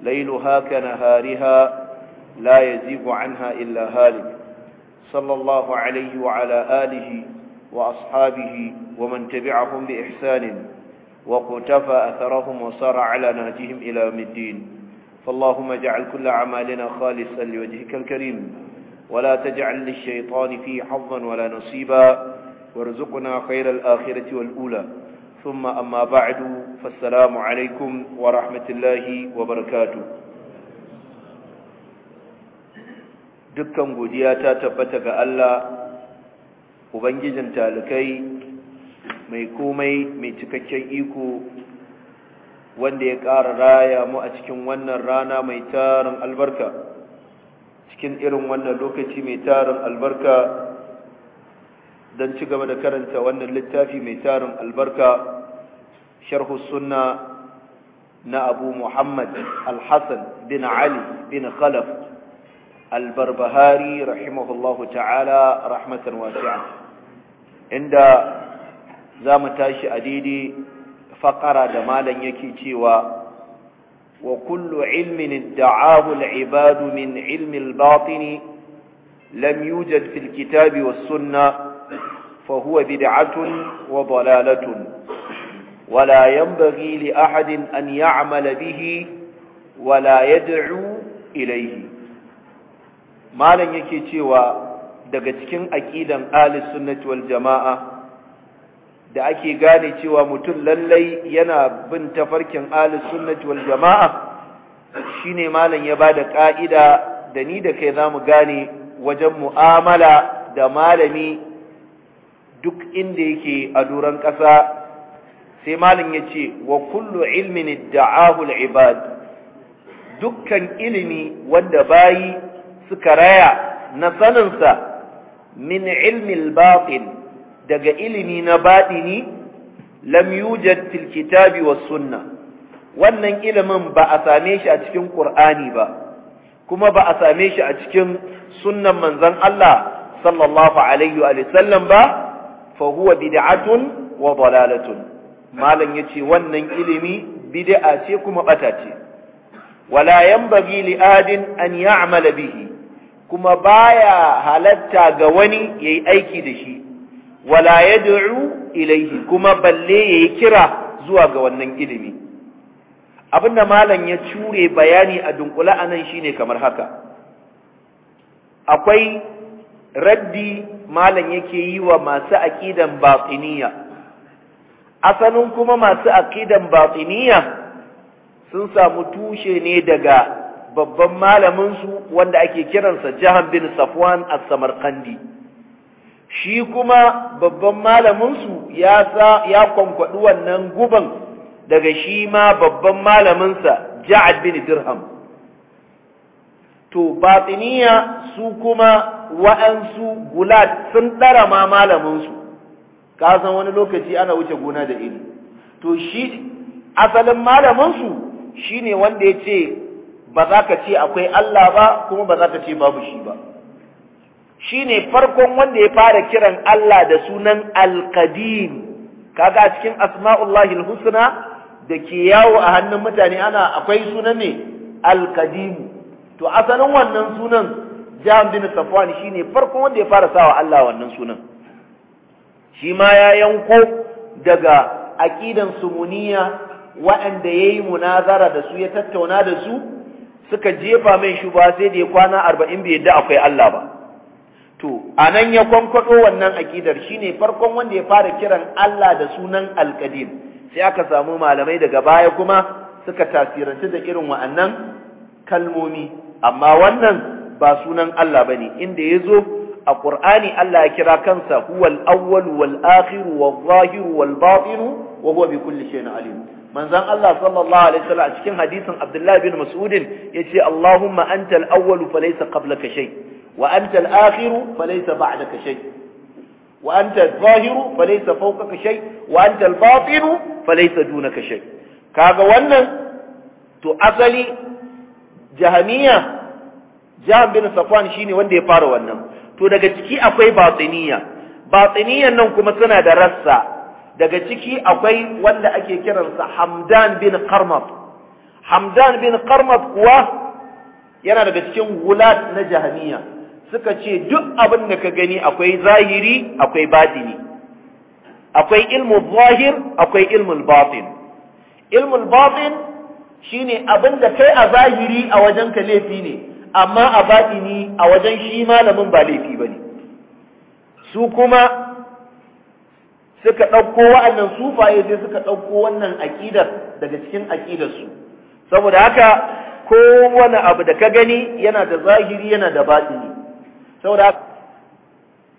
ليلها كنهارها لا يزيغ عنها إلا هالك صلى الله عليه وعلى آله وأصحابه ومن تبعهم بإحسان وقتفى أثرهم وصار على نهجهم إلى الدين فاللهم اجعل كل أعمالنا خالصا لوجهك الكريم ولا تجعل للشيطان فيه حظا ولا نصيبا وارزقنا خير الآخرة والأولى ثم أما بعد فالسلام عليكم ورحمة الله وبركاته دكا قدياتا تبتك ألا mai تالكي ميكومي cikakken iko. wanda ya ƙara raya mu a cikin wannan rana mai tarin albarka cikin irin wannan lokaci mai tarin albarka don ci gaba da karanta wannan littafi mai tarin albarka sharhu sunna na abu muhammad alhassan bin ali bin khalaf albarbahari rahimahullahu ta'ala rahmatan wasi'a inda za mu tashi a daidai faƙara da malam yake cewa wa kullu ilmin da'ahu al'ibadu min ilmi al-batini lam yujad fil kitabi was sunnah فهو بدعة وضلالة ولا ينبغي لأحد أن يعمل به ولا يدعو إليه ما لن يكي daga cikin aƙidan ahlus sunnati jamaa da ake gane cewa mutum lallai yana bin tafarkin ahli sunnati wal jamaa shine malam ya bada ka'ida da ni da kai zamu gane wajen mu'amala da malami duk inda yake a doron ƙasa sai malin ya ce wa kullu ilmin da'ahu al-ibad dukkan ilimi wanda bayi suka raya na saninsa min ilmin batin daga ilimi na baɗi lam yujad fil kitabi was sunna wannan ilimin ba a same shi a cikin ƙur'ani ba kuma ba a same shi a cikin sunnan manzon Allah sallallahu alaihi wa sallam ba fa huwa bid'atun wa dalalatun malam yace wannan ilimi bid'a ce kuma bata ce wala yanbaghi li adin an ya'mala bihi kuma baya halatta ga wani yayi aiki da shi wala yad'u ilayhi kuma balle yayi kira zuwa ga wannan ilimi abinda malam ya cure bayani a dunkula anan shine kamar haka akwai raddi malam yake yi wa masu aqidan batiniya asalin kuma masu aqidan batiniya sun samu tushe ne daga babban malamin su wanda ake kiransa Jahan bin Safwan as-Samarqandi shi kuma babban malamin su ya sa ya kwankwadu wannan guban daga shi ma babban malamin sa Ja'ad bin Dirham to batiniya su kuma wa'ansu gulat sun ɗara ma malaminsu ka san wani lokaci ana wuce gona da iri to shi asalin malaminsu shine wanda ya ce ba za ka ce akwai Allah ba kuma ba za ka ce babu shi ba shine farkon wanda ya fara kiran Allah da sunan alkadim kaga a cikin asma'ullahi husna da ke yawo a hannun mutane ana akwai sunan ne alkadimu to asalin wannan sunan Jihar bin Safwan ne farkon wanda ya fara sawa Allah wannan sunan shi ma ya yanko daga aƙidan sumuniya waɗanda ya yi munazara da su ya tattauna da su suka jefa mai shuba sai da ya kwana arba'in bai da akwai Allah ba to a nan ya kwankwaɗo wannan aƙidar shi ne farkon wanda ya fara kiran Allah da sunan al sai aka samu malamai daga baya kuma suka tasirantu da irin wa'annan kalmomi amma wannan ba sunan Allah ba ne inda ya zo a Qur'ani Allah ya kira kansa huwal awwal wal akhir wal zahir wal batin wa huwa bi kulli shay'in alim manzon Allah sallallahu alaihi wasallam cikin hadisin Abdullah bin Mas'ud yace Allahumma antal awwal falaysa qablaka shay wa antal akhir falaysa ba'daka shay wa antal zahir falaysa fawqaka shay wa antal batin falaysa dunaka shay kaga wannan to asali jahamiya Jahan bin safwan shine wanda ya fara wannan to daga ciki akwai batiniya batiniyan nan kuma suna da rassa daga ciki akwai wanda ake kiransa hamdan bin karmat hamdan bin karmat kuwa yana daga cikin wulat na jahaniya suka ce duk abin da ka gani akwai zahiri akwai batini akwai ilmu zahir akwai ilmu batin Ilmu batin shine abin da kai a zahiri a wajen ka laifi ne amma a ni, a wajen shi malamin ba laifi ba ne su kuma suka ɗauko wa'annan sufaye sai suka ɗauko wannan aƙidar daga cikin aƙidarsu saboda haka kowane abu da ka gani yana da zahiri yana da baɗini saboda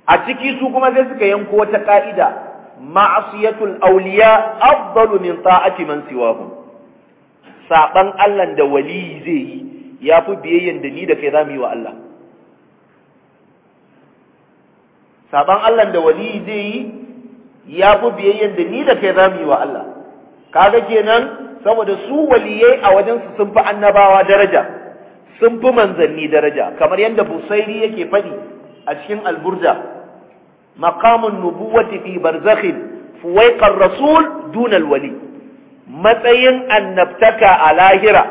a ciki su kuma sai suka yanko wata ƙa'ida ma'asiyatul auliya afdalu min ta'ati man siwahum saban Allah da wali zai yi ya fi biyayyen da ni da kai za mu yi wa Allah saban Allah da wali zai yi ya fi biyayyen da ni da kai za mu yi wa Allah kaga kenan saboda su waliyai a wajen su sun fi annabawa daraja sun fi manzanni daraja kamar yadda busairi yake faɗi a cikin alburda maqamun nubuwati fi barzakhin fuwaiqar rasul dunal wali matsayin annabtaka a lahira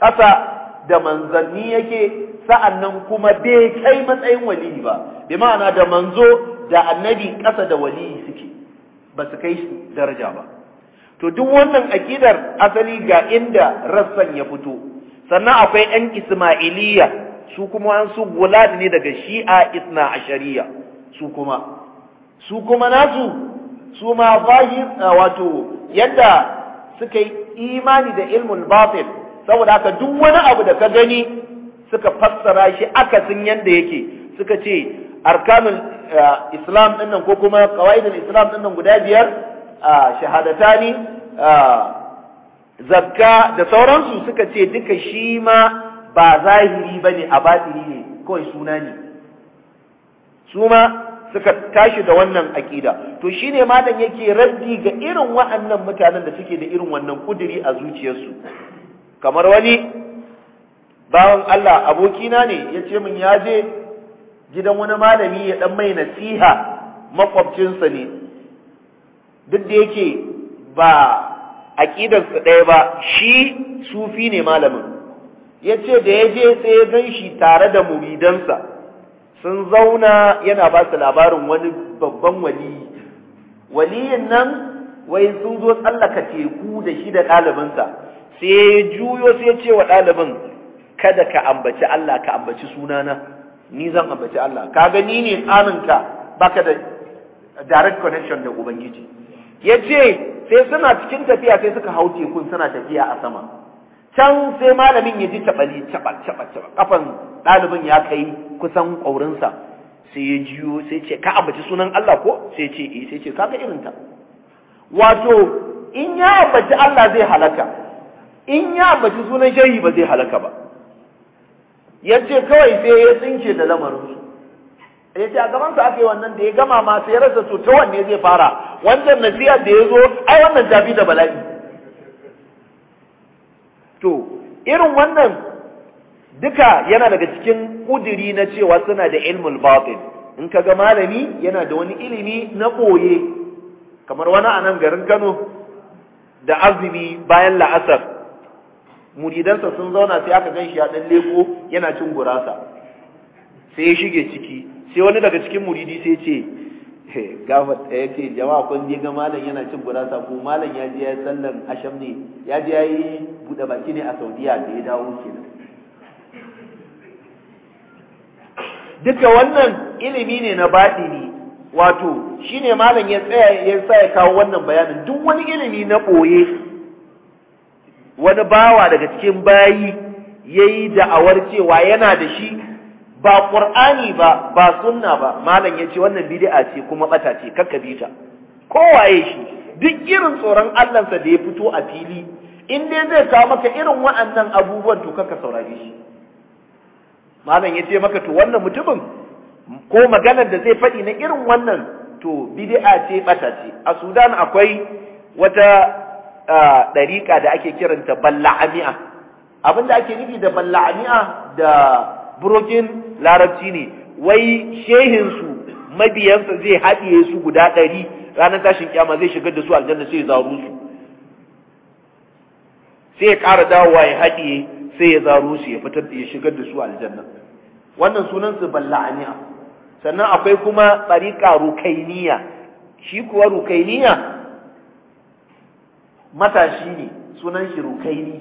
ƙasa da manzanni yake sa'annan kuma bai kai matsayin waliyi ba bi ma'ana da manzo da annabi ƙasa da waliyi suke ba su kai daraja ba to duk wannan akidar asali ga inda rassan ya fito sannan akwai 'yan ismailiya su kuma an su gulad ne daga shi'a isna ashariya su kuma su kuma nasu su ma wato yadda suka yi imani da ilmul batil saboda haka duk wani abu da ka gani suka fassara shi akasin yanda yake suka ce arkanul eh, islam nan ko kuma qawaidul islam nan guda biyar eh, shahadatani eh, zakka da sauransu suka ce duka shi ma ba zahiri bane a batini ne kawai suna ne su ma suka tashi da wannan aƙida to shine malam yake raddi ga irin wa'annan mutanen da suke da irin wannan kuduri a zuciyarsu kamar wani bawan Allah abokina ne ya ce min ya je gidan wani malami ya dan mai nasiha makwabcinsa ne duk da yake ba aƙidarsa ɗaya ba shi sufi ne malamin ya ce da ya je sai ya gan shi tare da muridansa sun zauna yana ba su labarin wani babban wali waliyin nan wai sun zo tsallaka teku da shi da ɗalibinsa sai ya juyo sai ya ce wa ɗalibin kada ka ambaci Allah ka ambaci sunana ni zan ambaci Allah ka gani ni ne tsaninka baka da direct connection da ubangiji ya ce sai suna cikin tafiya sai suka hau tekun suna tafiya a sama can sai malamin ya ji tabali taɓa-taɓa-taɓa, kafan ɗalibin ya kai kusan ƙaurinsa sai ya jiyo sai ce ka ambaci sunan Allah ko sai ce eh sai ce kaga irinta wato in ya ambaci Allah zai halaka in ya ambaci sunan shehi ba zai halaka ba ya ce kawai sai ya tsinke da lamarinsu ya ce a gabansa aka yi wannan da ya gama ma sai ya rasa to ta wanne zai fara Wannan nasiya da ya zo ai wannan tafi da bala'i to irin wannan duka yana daga cikin kudiri na cewa suna da ilmul batin in kaga malami yana da wani ilimi na boye kamar wani a nan garin Kano da azumi bayan la'asar muridansa sun zauna sai aka ganshi ya dan leko yana cin gurasa sai ya shige ciki sai wani daga cikin muridi sai ce gafa eh, ya ce jama'a kun je ga malam yana cin gurasa ko malam ya je ya sallan asham ne ya je ya yi buɗe baki ne a saudiya da ya dawo nan. duka wannan ilimi ne na ne, wato shine malam ya tsaya ya sa ya kawo wannan bayanin duk wani ilimi na ɓoye wani bawa daga cikin bayi yayi da'awar cewa yana da shi ba qur'ani ba ba sunna ba malam yace wannan bid'a ce kuma bata ce kakka Ko waye shi duk irin tsoron Allah da ya fito a fili in dai zai kawo maka irin wa'annan abubuwan to kakka saurare shi malam yace maka to wannan mutumin ko maganar da zai faɗi na irin wannan to bid'a ce bata ce a Sudan akwai wata ɗariƙa da ake kiranta balla'ami'a abinda ake nufi da balla'ami'a da burokin larabci ne wai shehinsu mabiyansa zai haɗiye su guda ɗari ranar tashin kyama zai shigar da su aljanna sai ya zaru su sai ya ƙara dawowa ya haɗiye sai ya zaru su ya fitar ya shigar da su aljanna wannan sunansu balla'ami'a sannan akwai kuma ɗariƙa rukainiya shi kuwa rukainiya matashi ne sunan shi rukaini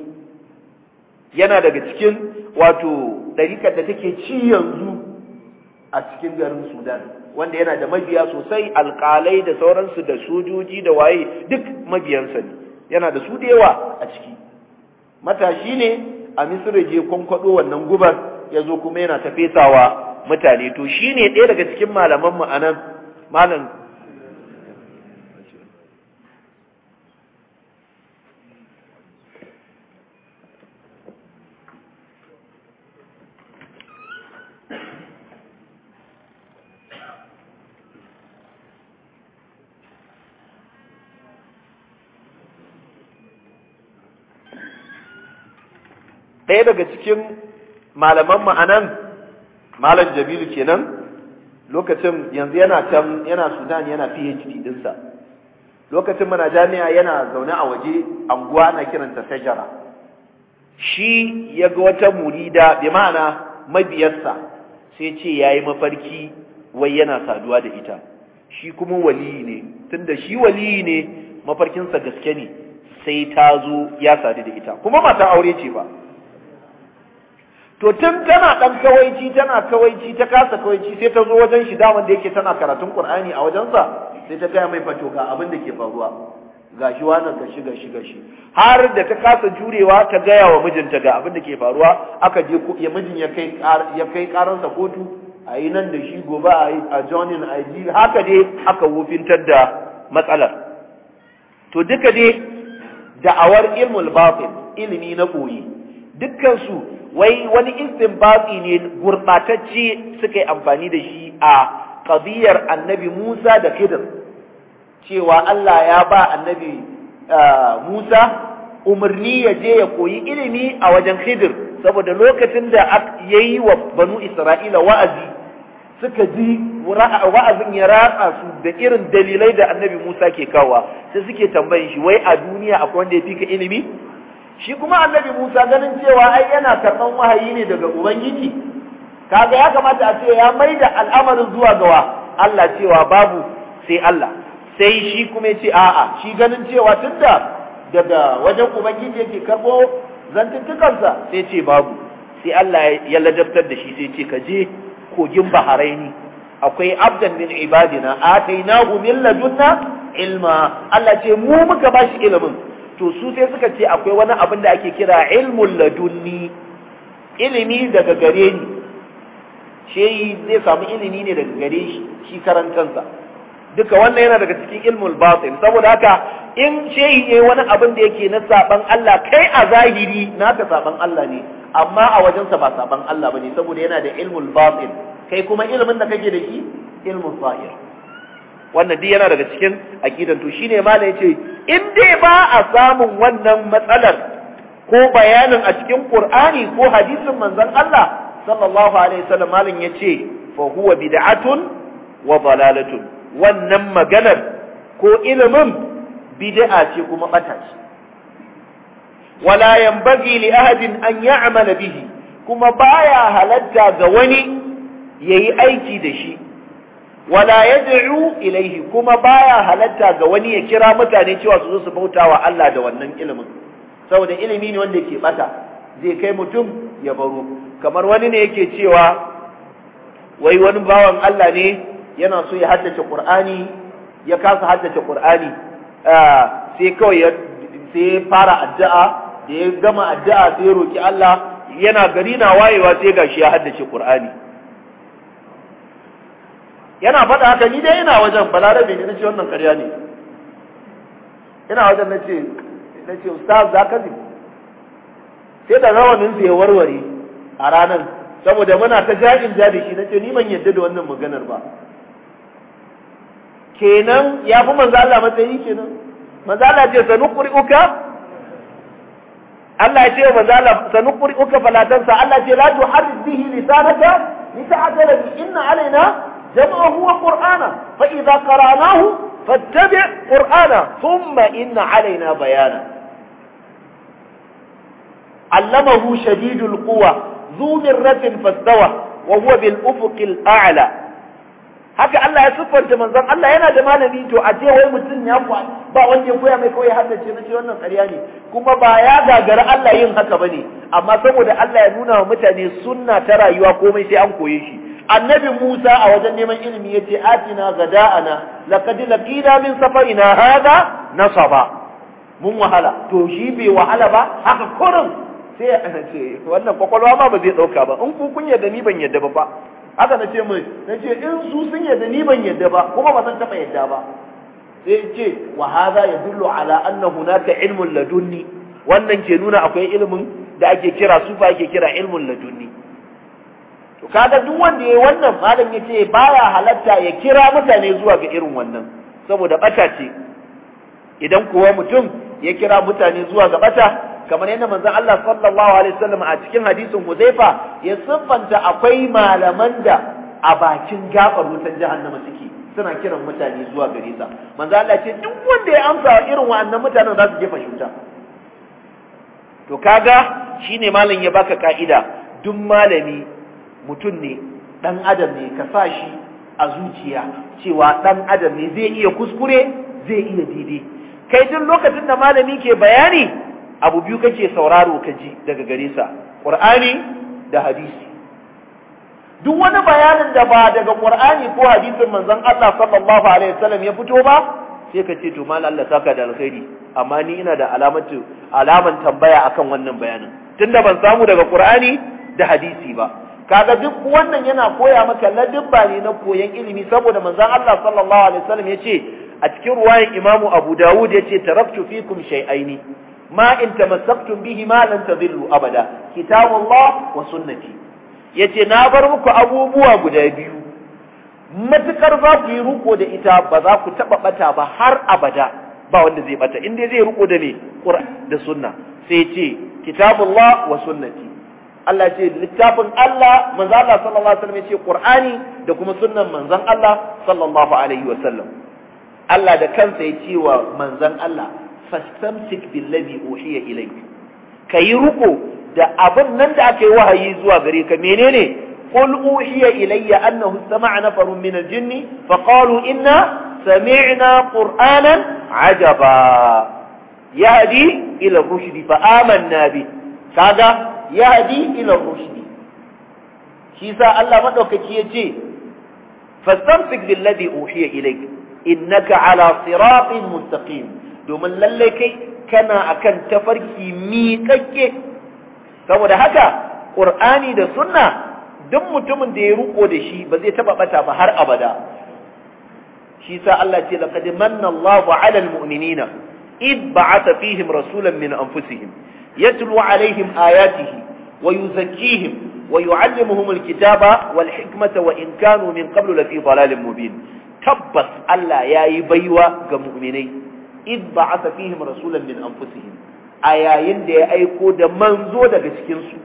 yana daga cikin wato ɗarikar da take ci yanzu a cikin garin sudan wanda yana da mabiya sosai alƙalai da sauransu da sojoji da waye duk mabiyansa ne yana da su da yawa a ciki matashi ne a misira je kwankwaɗo wannan gubar ya zo kuma yana tafetawa mutane to shi ne ɗaya daga cikin malamanmu a nan malam ɗaya daga cikin malaman ma'anan malam Jabilu kenan lokacin yanzu yana can yana Sudan yana PhD dinsa lokacin muna jami'a yana zaune a waje anguwa na kiranta Sajara shi ya ga wata murida bi ma'ana mabiyarsa sai ce ya yi mafarki wai yana saduwa da ita shi kuma waliyi ne tunda shi waliyi ne mafarkinsa gaske ne sai ta zo ya sadu da ita kuma mata aure ce ba to tun tana ɗan kawaici tana kawaici ta kasa kawaici sai ta zo wajen shi daman da yake tana karatun Qur'ani a wajensa sai ta gaya mai fato ga abin da ke faruwa gashi wannan gashi gashi gashi har da ta kasa jurewa ta gaya wa mijinta ga abin da ke faruwa aka je ya mijin ya kai ya karansa kotu a yi nan da shi gobe a yi a jonin a yi haka dai aka wufintar da matsalar to duka dai da'awar ilmul batin ilimi na koyi dukkansu wai wani istinbati ne gurbatacce suka yi amfani da shi a qadiyar annabi Musa da Khidr cewa Allah ya ba annabi eh, Musa umarni ya je ya koyi ilimi a wajen Khidr saboda lokacin da yayi wa banu Isra'ila wa'azi suka ji wa'azin ya ratsa su da irin dalilai da annabi Musa ke kawa sai suke tambayin shi wai a duniya akwai wanda ya fi ka ilimi shi kuma annabi Musa ganin cewa ai yana karɓan wahayi ne daga Ubangiji kaga ya kamata a ce ya mai da al'amarin zuwa gawa Allah cewa babu sai Allah sai shi kuma ce a'a shi ganin cewa tunda daga wajen Ubangiji yake karɓo zantuttukansa sai ce babu sai Allah ya ladabtar da shi sai ce ka je kogin Baharaini akwai abdan min ibadina atainahu min ladunna ilma Allah ce mu muka bashi ilimin to su sai suka ce akwai wani abin da ake kira ilmul ladunni ilimi daga gare ni Sheyi zai samu ilimi ne daga gare shi shi karantansa. kansa duka wannan yana daga cikin ilmul batin saboda haka in shehi ne wani abin da yake na saban Allah kai a zahiri naka saban Allah ne amma a wajensa ba saban Allah bane saboda yana da ilmul batin kai kuma ilimin da kake da shi ilmul zahir wannan duk yana daga cikin aqidan to shine malam yace in dai ba a samun wannan matsalar ko bayanin a cikin Qur'ani ko hadisin manzon Allah sallallahu alaihi wasallam malam yace fa huwa bid'atun wa dalalatun wannan maganar ko ilimin bid'a ce kuma bata ce wala yanbaghi li ahadin an ya'mala bihi kuma baya halatta ga wani yayi aiki da shi wala yad'u ilaihi kuma baya halatta ga wani ya kira mutane cewa su zo su bautawa Allah da wannan ilimin saboda ilimi ne wanda yake bata zai kai mutum ya baro kamar wani ne yake cewa wai wani bawan Allah ne yana so ya haddace Qur'ani ya kasa haddace Qur'ani sai kawai ya sai fara addu'a da ya gama addu'a sai ya roki Allah yana gari na wayewa sai gashi ya haddace Qur'ani yana faɗa haka ni dai ina wajen balarabe ne na ce wannan ƙarya ne ina wajen na ce ustaz za ka ne. sai da rawanin su ya warware a ranar saboda muna ta jajin ja da shi ce ni ban yadda da wannan maganar ba kenan ya fi manzala matsayi kenan manzo ce ce ƙuri'uka? Allah ya ce wa manzala Allah sanuqri'uka fala tansa Allah ce la tuharrid bihi lisanaka bi, inna alaina جمعه وقرآنا فإذا قرأناه فاتبع قرآنا ثم إن علينا بيانا علمه شديد القوى ذو مرة فاستوى وهو بالأفق الأعلى haka Allah ya siffanta manzon Allah yana da malami to a je wai mutum ya kwa ba wanda ya koya mai kawai haddace na ce wannan ƙarya ne kuma ba ya gagara Allah yin haka bane amma saboda Allah ya nuna wa mutane sunna ta rayuwa komai sai an koye shi annabi Musa a wajen neman ilimi yace atina gada'ana laqad laqina min safarina hada nasaba mun wahala to shi bai wahala ba haka kurin sai ana ce wannan kwakwalwa ma ba zai dauka ba in ku kun yadda ni ban yadda ba fa haka na ce mai na ce in su sun yadda ni ban yadda ba kuma ba san taba yadda ba sai ce wa hadha yadullu ala anna hunaka ilmun ladunni wannan ke nuna akwai ilimin da ake kira sufa ake kira ilmun ladunni to kaga duk wanda yayi wannan malam yace baya halatta ya kira mutane zuwa ga irin wannan saboda bata ce idan kuwa mutum ya kira mutane zuwa ga bata kamar yadda manzon Allah sallallahu alaihi wasallam a cikin hadisin Hudhaifa ya siffanta akwai malaman da a bakin gabar wutar jahannama suke suna kiran mutane zuwa gare sa manzo Allah ce duk wanda ya amsa irin wa'annan mutanen za su jefa shuta. to kaga shine malam ya baka ka'ida duk malami mutum ne ɗan adam ne ka sa shi a zuciya cewa ɗan adam ne zai iya kuskure zai iya daidai kai duk lokacin da malami ke bayani abu biyu kake sauraro ka ji daga gare sa qur'ani da hadisi duk wani bayanin da ba daga qur'ani ko hadisin manzon Allah sallallahu alaihi wasallam ya fito ba sai ka ce to mal Allah saka da alkhairi amma ni ina da alamatu alaman tambaya akan wannan bayanin tunda ban samu daga Qur'ani da hadisi ba kaga duk wannan yana koya maka ladibba ne na koyan ilimi saboda manzon Allah sallallahu alaihi wasallam yace a cikin ruwayan Imam Abu Dawud yace taraktu fikum shay'aini ma in tamassaktum bihi ma lan tadillu abada kitabullah wa sunnati yace na bar muku abubuwa guda biyu matukar za ku yi ruko da ita ba za ku taba bata ba har abada ba wanda zai bata in zai ruko da me Qur'an da sunna sai yace kitabullah wa sunnati Allah ce littafin Allah manzo Allah sallallahu alaihi wasallam ya Qur'ani da kuma sunnan manzon Allah sallallahu alaihi wasallam Allah da kansa ya ce wa manzon Allah fastamsik billazi uhiya ilayk kayi ruko da abin nan da aka yi wahayi zuwa gare ka menene qul uhiya ilayya annahu sama'a nafarun min al-jinni faqalu inna sami'na qur'anan ajaba yahdi ila rushdi fa amanna bi kaga yahdi ila rushdi shi sa Allah madaukaki yace fastamsik billadhi uhiya ilayk innaka ala siratin mustaqim domin lalle kai kana akan tafarki miƙaƙe saboda haka qur'ani da sunna duk mutumin da ya ruko da shi ba zai taba bata ba har abada shi sa Allah ce laqad manna Allahu 'ala al-mu'minina id ba'atha fihim rasulan min anfusihim يتلو عليهم آياته ويزكيهم ويعلمهم الكتاب والحكمة وإن كانوا من قبل لفي ضلال مبين تبس ألا يا يبيوا كمؤمني إذ بعث فيهم رسولا من أنفسهم آيين دي أيكو دمانزو دكسكنسو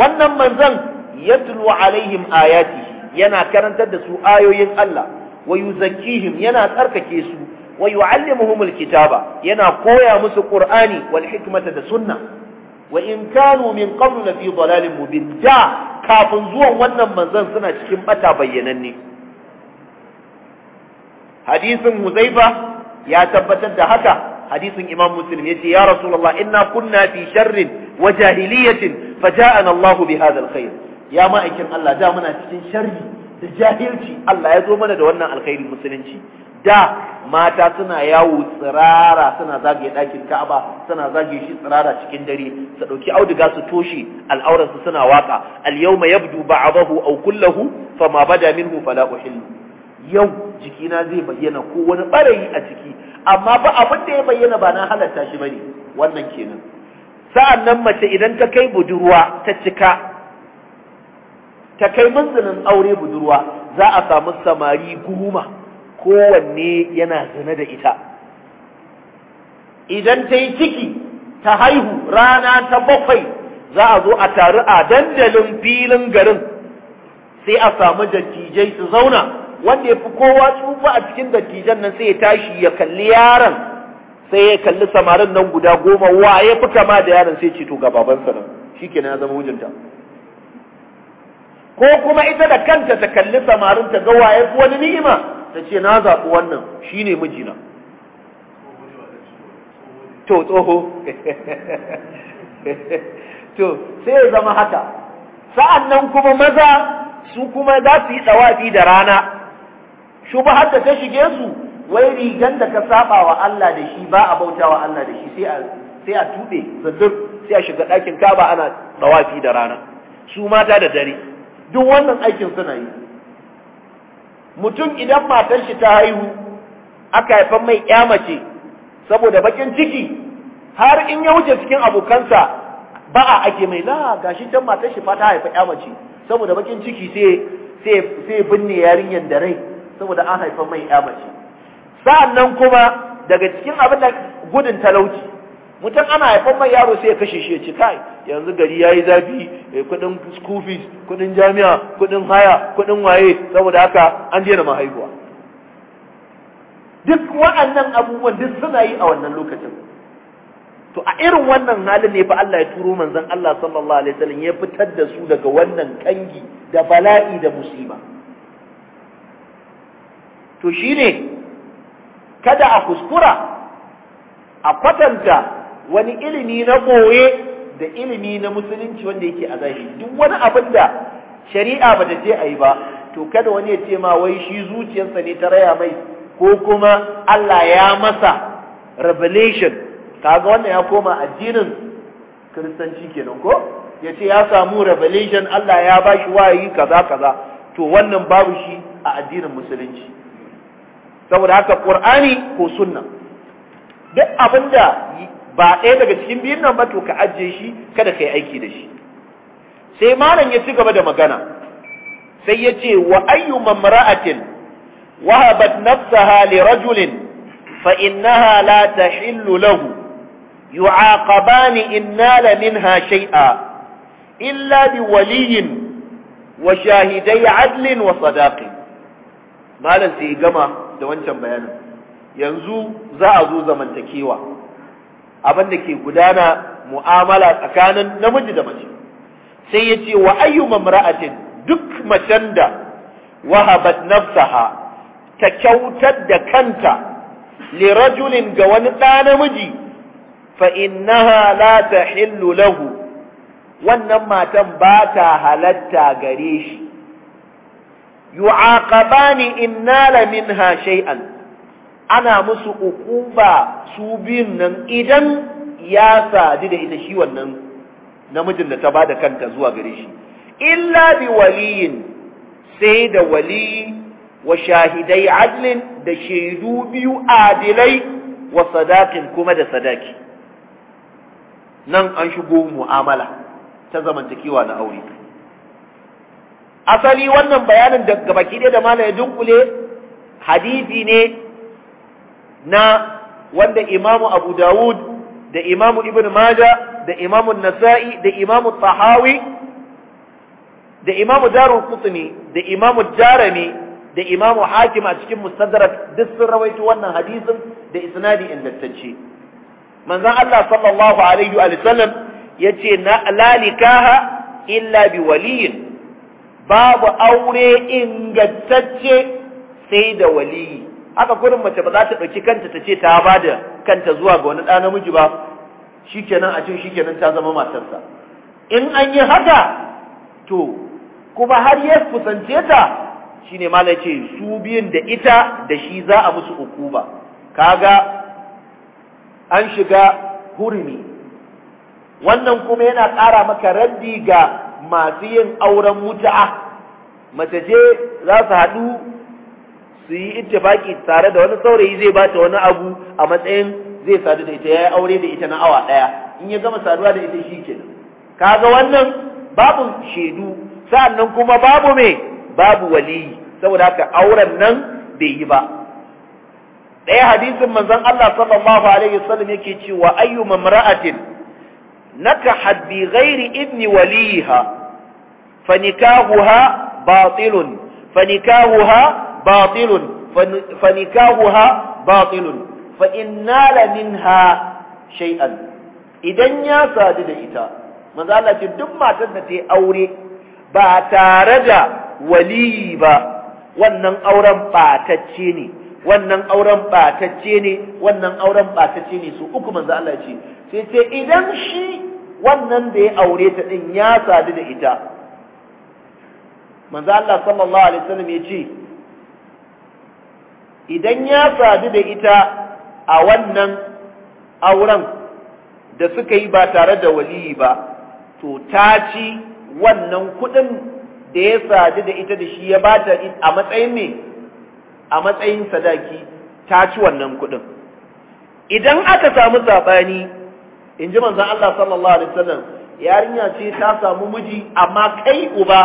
wannan manzan ya tulwa alaihim ayati yana karantar da su ayoyin Allah wa yuzakkihim yana tsarkake su wa yu'allimuhum kitaba yana koya musu qur'ani wal hikmata da sunna wa in kanu min qablu la fi dalalin mubin da kafin zuwan wannan manzon suna cikin bata bayyananne hadisin Huzaifa ya tabbatar da haka hadisin Imam ya ce ya rasu Rasulullah inna kunna fi sharrin wa jahiliyatin faja'ana Allah bi hadha alkhair ya ma'aikin Allah da muna cikin sharri da jahilci Allah ya zo mana da wannan alkhairi musulunci da mata suna yawo tsirara suna zagaye ɗakin Ka'aba suna zagaye shi tsirara cikin dare su ɗauki auduga su toshe al'auran su suna waka al-yawma yabdu ba'dahu aw kulluhu ma bada minhu fala uhillu yau jikina zai bayyana ko wani barayi a ciki amma ba abin da ya bayyana ba na halatta shi bane wannan kenan sa'an nan mace idan ta kai budurwa ta cika ta kai manzanin aure budurwa za a samu samari goma kowanne yana zane da ita idan ta yi ciki ta haihu rana ta bakwai za a zo a taru a dandalin filin garin sai a samu dattijai su zauna wanda ya fi kowa tsufa a cikin dattijan nan sai ya tashi ya kalli yaron sai ya kalli samarin nan guda goma wa ya fi kama da yaron sai ce to ga babansa nan shi kenan ya zama wujinta ko kuma ita da kanta ta kalli samarin ta ga waye wani ni'ima ta ce na zaɓi wannan shi ne mijina to tsoho to sai ya zama haka sa'an nan kuma maza su kuma za su yi tsawafi da rana ba da ta shige su wai rigan da ka saba wa Allah da shi ba a bauta wa Allah da shi sai a tuɓe zandur sai a shiga ɗakin kaba ana tsawafi da rana su mata da dare duk wannan aikin suna yi mutum idan matan shi ta haihu aka haifan mai ƴa mace saboda bakin ciki har in ya wuce cikin abokansa ba a ake mai la gashi can matan shi fata haifa ƴa mace saboda bakin ciki sai sai sai binne yarinyar da rai saboda an haifa mai ƴa mace sa'annan kuma daga cikin abin da gudun talauci mutum ana haifan mai yaro sai ya kashe shi ya ci kai yanzu gari ya yi zafi eh, kudin school fees kudin jami'a kudin haya kudin waye saboda haka an daina ma duk wa'annan abubuwan duk suna yi a wannan lokacin to a irin wannan halin ne fa Allah ya turo manzon Allah sallallahu alaihi wasallam ya fitar da su daga wannan kangi da bala'i da musiba to shine kada a kuskura a kwatanta wani ilimi na boye da ilimi na musulunci wanda yake a zahiri duk wani abin da shari'a ba ta ce a yi ba to kada wani ya ce ma wai shi zuciyarsa ne ta raya mai ko kuma Allah ya masa revelation kaga wannan ya koma addinin kiristanci kenan ko ya ce ya samu revelation Allah ya bashi wayi kaza kaza to wannan babu shi a addinin musulunci saboda haka qur'ani ko sunna duk abinda ba ɗaya daga cikin biyun nan ba to ka ajiye shi kada ka yi aiki da shi sai malam ya ci gaba da magana sai ya ce wa ayyu mamra'atin wahabat nafsaha li rajulin fa innaha la tahillu lahu yu'aqabani in nala minha shay'a illa bi waliyin wa shahidai adlin wa sadaqin malam sai gama da wancan bayanin yanzu za a zo zamantakewa abin da ke gudana mu'amala tsakanin namiji da mace sai ya ce wa ayyu mamra'atin duk macen da wahabat nafsaha ta kyautar da kanta li rajulin ga wani ɗa namiji fa innaha la tahillu lahu wannan matan ba ta halatta gare shi yu'aqabani in nala minha shay'an ana musu ukuba su biyun nan idan ya sadu da ita shi wannan namijin da ta ba da kanta zuwa gare shi illa bi waliyin sai da wali wa shahidai adlin da shaidu biyu adilai wa sadakin kuma da sadaki nan an shigo mu'amala ta zamantakewa na aure asali wannan bayanin da baki da mala ya dunkule hadidi ne na wanda imamu abu dawud da imamu ibn maja da imamu nasa'i da imamu tahawi da imamu darul kutni da imamu jarami da imamu hakim a cikin mustadrak duk sun rawaito wannan hadisin da isnadi ingantacce manzon Allah sallallahu alaihi wa sallam yace na la nikaha illa bi waliyin babu aure ingantacce sai da waliyi haka kurin mace ba za ta ɗauki kanta ta ce ta bada kanta zuwa ga wani ɗa namiji ba shikenan a cin shikenan ta zama matarsa in an yi haka to kuma har ya kusance ta shine ma ce su biyun da ita da shi za a musu ukuba kaga an shiga hurumi wannan kuma yana ƙara maka raddi ga masu yin auren mutu'a mace ce za su haɗu su yi ittifaki tare da wani saurayi zai bata wani abu a matsayin zai sadu da ita ya yi aure da ita na awa ɗaya in ya gama saduwa da ita shi kenan kaga wannan babu shaidu sannan kuma babu me babu waliyi saboda haka auren nan bai yi ba ɗaya hadisin manzon Allah sallallahu alaihi wasallam yake cewa ayyu mamra'atin naka haddi ghairi ibni waliha fa nikahuha batilun fa nikahuha batilun fa nikahuha batilun fa in nala idan ya sadu da ita manzo Allah ce duk matar da ta aure ba tare da waliyi ba wannan auren batacce ne wannan auren batacce ne wannan auren batacce ne su uku manzo Allah ce sai ce idan shi wannan da ya aure ta din ya sadu da ita manzo Allah sallallahu alaihi wasallam ya ce idan ya sadu da ita a wannan auren da suka yi ba tare da waliyi ba to ta ci wannan kuɗin da ya sadu da ita da shi ya bata a matsayin ne a matsayin sadaki ta ci wannan kuɗin idan aka samu sabani in ji manzon Allah sallallahu alaihi wasallam yarinya ce ta samu miji amma kai uba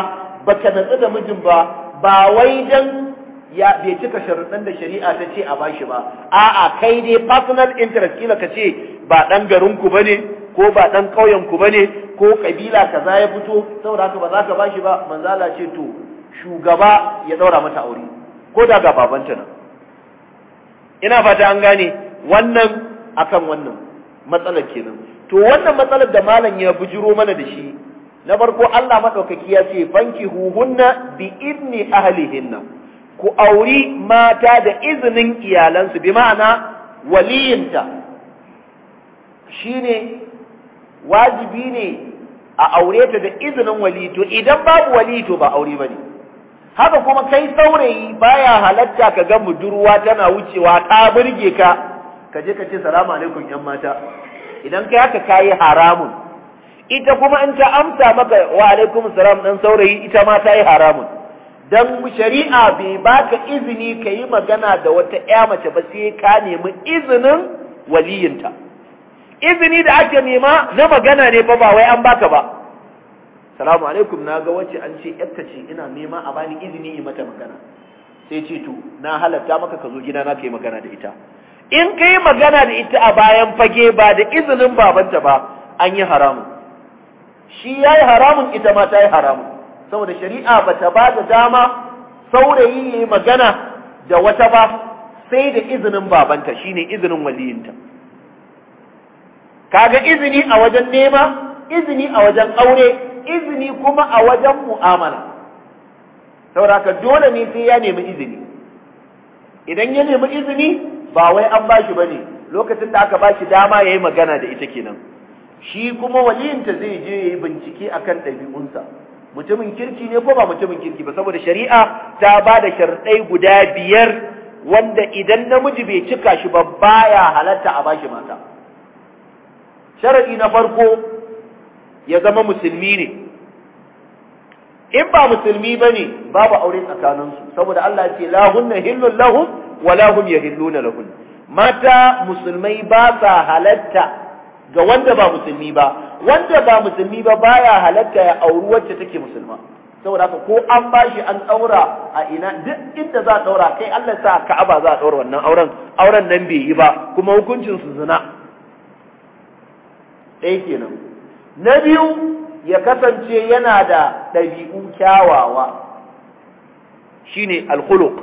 baka natsu da mijin ba ba wai dan ya bai cika sharuɗan da shari'a ta ce a bashi ba a'a kai dai personal interest kila ka ce ba ɗan garin ku bane ko ba dan kauyen ku bane ko kabila kaza ya fito saboda haka ba za ka bashi ba manzala ce to shugaba ya daura mata aure ko da ga babanta nan ina fata an gane wannan akan wannan matsalar kenan to wannan matsalar da malam ya bujiro mana da shi na farko Allah madaukaki ya ce fanki huhunna bi idni ahlihinna ku auri mata da izinin iyalansu bi ma'ana waliyinta shine wajibi ne a aure ta da izinin walito idan babu walito ba aure bane haka kuma kai saurayi baya halatta ka ga budurwa tana wucewa ta burge ka ka je ka ce salamu alaikum yan mata idan kai haka kayi haramun ita kuma in ta amsa maka wa alaikum salam dan saurayi ita ma ta yi haramun don shari'a bai baka izini ka yi magana da wata ‘ya mace ba sai ka nemi izinin waliyinta izini da ake nema na magana ne ba ba wai an baka ba salamu alaikum na ga wacce an ce ce ina nema a bani izini yi mata magana sai ce to na halatta maka ka zo gidana ka yi magana da ita in ka yi magana da ita a bayan fage ba da izinin babanta ba an yi haramun shi ya yi haramun ita ma ta yi haramun saboda shari'a bata ba da dama saurayi yi magana da wata ba sai da izinin babanta shine izinin waliyinta ga izini a wajen nema izini a wajen aure izini kuma a wajen mu'amala sauraka dole ne sai ya nemi izini idan ya nemi izini ba wai an bashi ne. lokacin da aka ba shi dama ya yi magana da ita kenan shi kuma waliyinta zai je ya yi bincike akan ɗabi'unsa mutumin kirki ne ko ba mutumin kirki ba saboda shari'a ta ba da sharɗai guda biyar wanda idan namiji bai cika shi ba baya halatta a bashi mata sharaɗi na farko ya zama musulmi ne in ba musulmi ba ne babu aure tsakaninsu saboda Allah ce lahunna hillun lahum wa lahum yahilluna lahun mata musulmai ba sa halatta ga wanda ba musulmi ba wanda ba musulmi ba baya halatta ya auri wacce take musulma saboda haka ko an bashi an daura a ina duk inda za a daura kai Allah sa Ka'aba za a daura wannan auren auren nan bai yi ba kuma hukuncin su zina dai kenan na biyu ya kasance yana da ɗabi'u kyawawa shine alkhuluq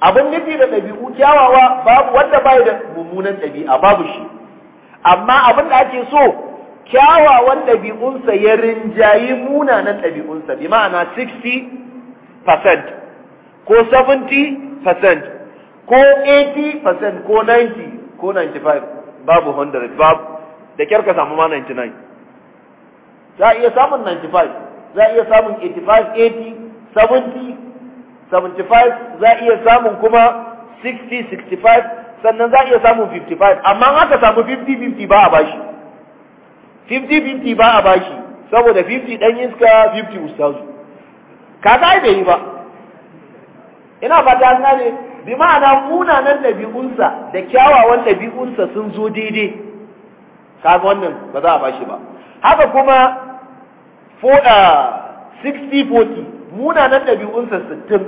abin nufi da ɗabi'u kyawawa babu wanda bai da mummunan ɗabi'a babu shi amma abin da ake so kyawawan ɗabi'unsa ya rinjayi munanan ɗabi'unsa bi ma'ana 60% ko 70% ko 80% ko 90 ko 95 babu 100 babu da kyar ka samu ma 99 za a iya samun 95 za a iya samun 85 80 70 75 za a iya samun kuma 60 65 sannan za a iya samun 55 amma haka samu 50-50 ba a bashi 50-50 ba a bashi saboda 50 ɗan iska 50 ustazu ka ai bai yi ba ina fata an ne bi ma'ana munanan ɗabi'unsa da kyawawan ɗabi'unsa sun zo daidai kaga wannan ba za a bashi ba haka kuma 60-40 munanan ɗabi'unsa 60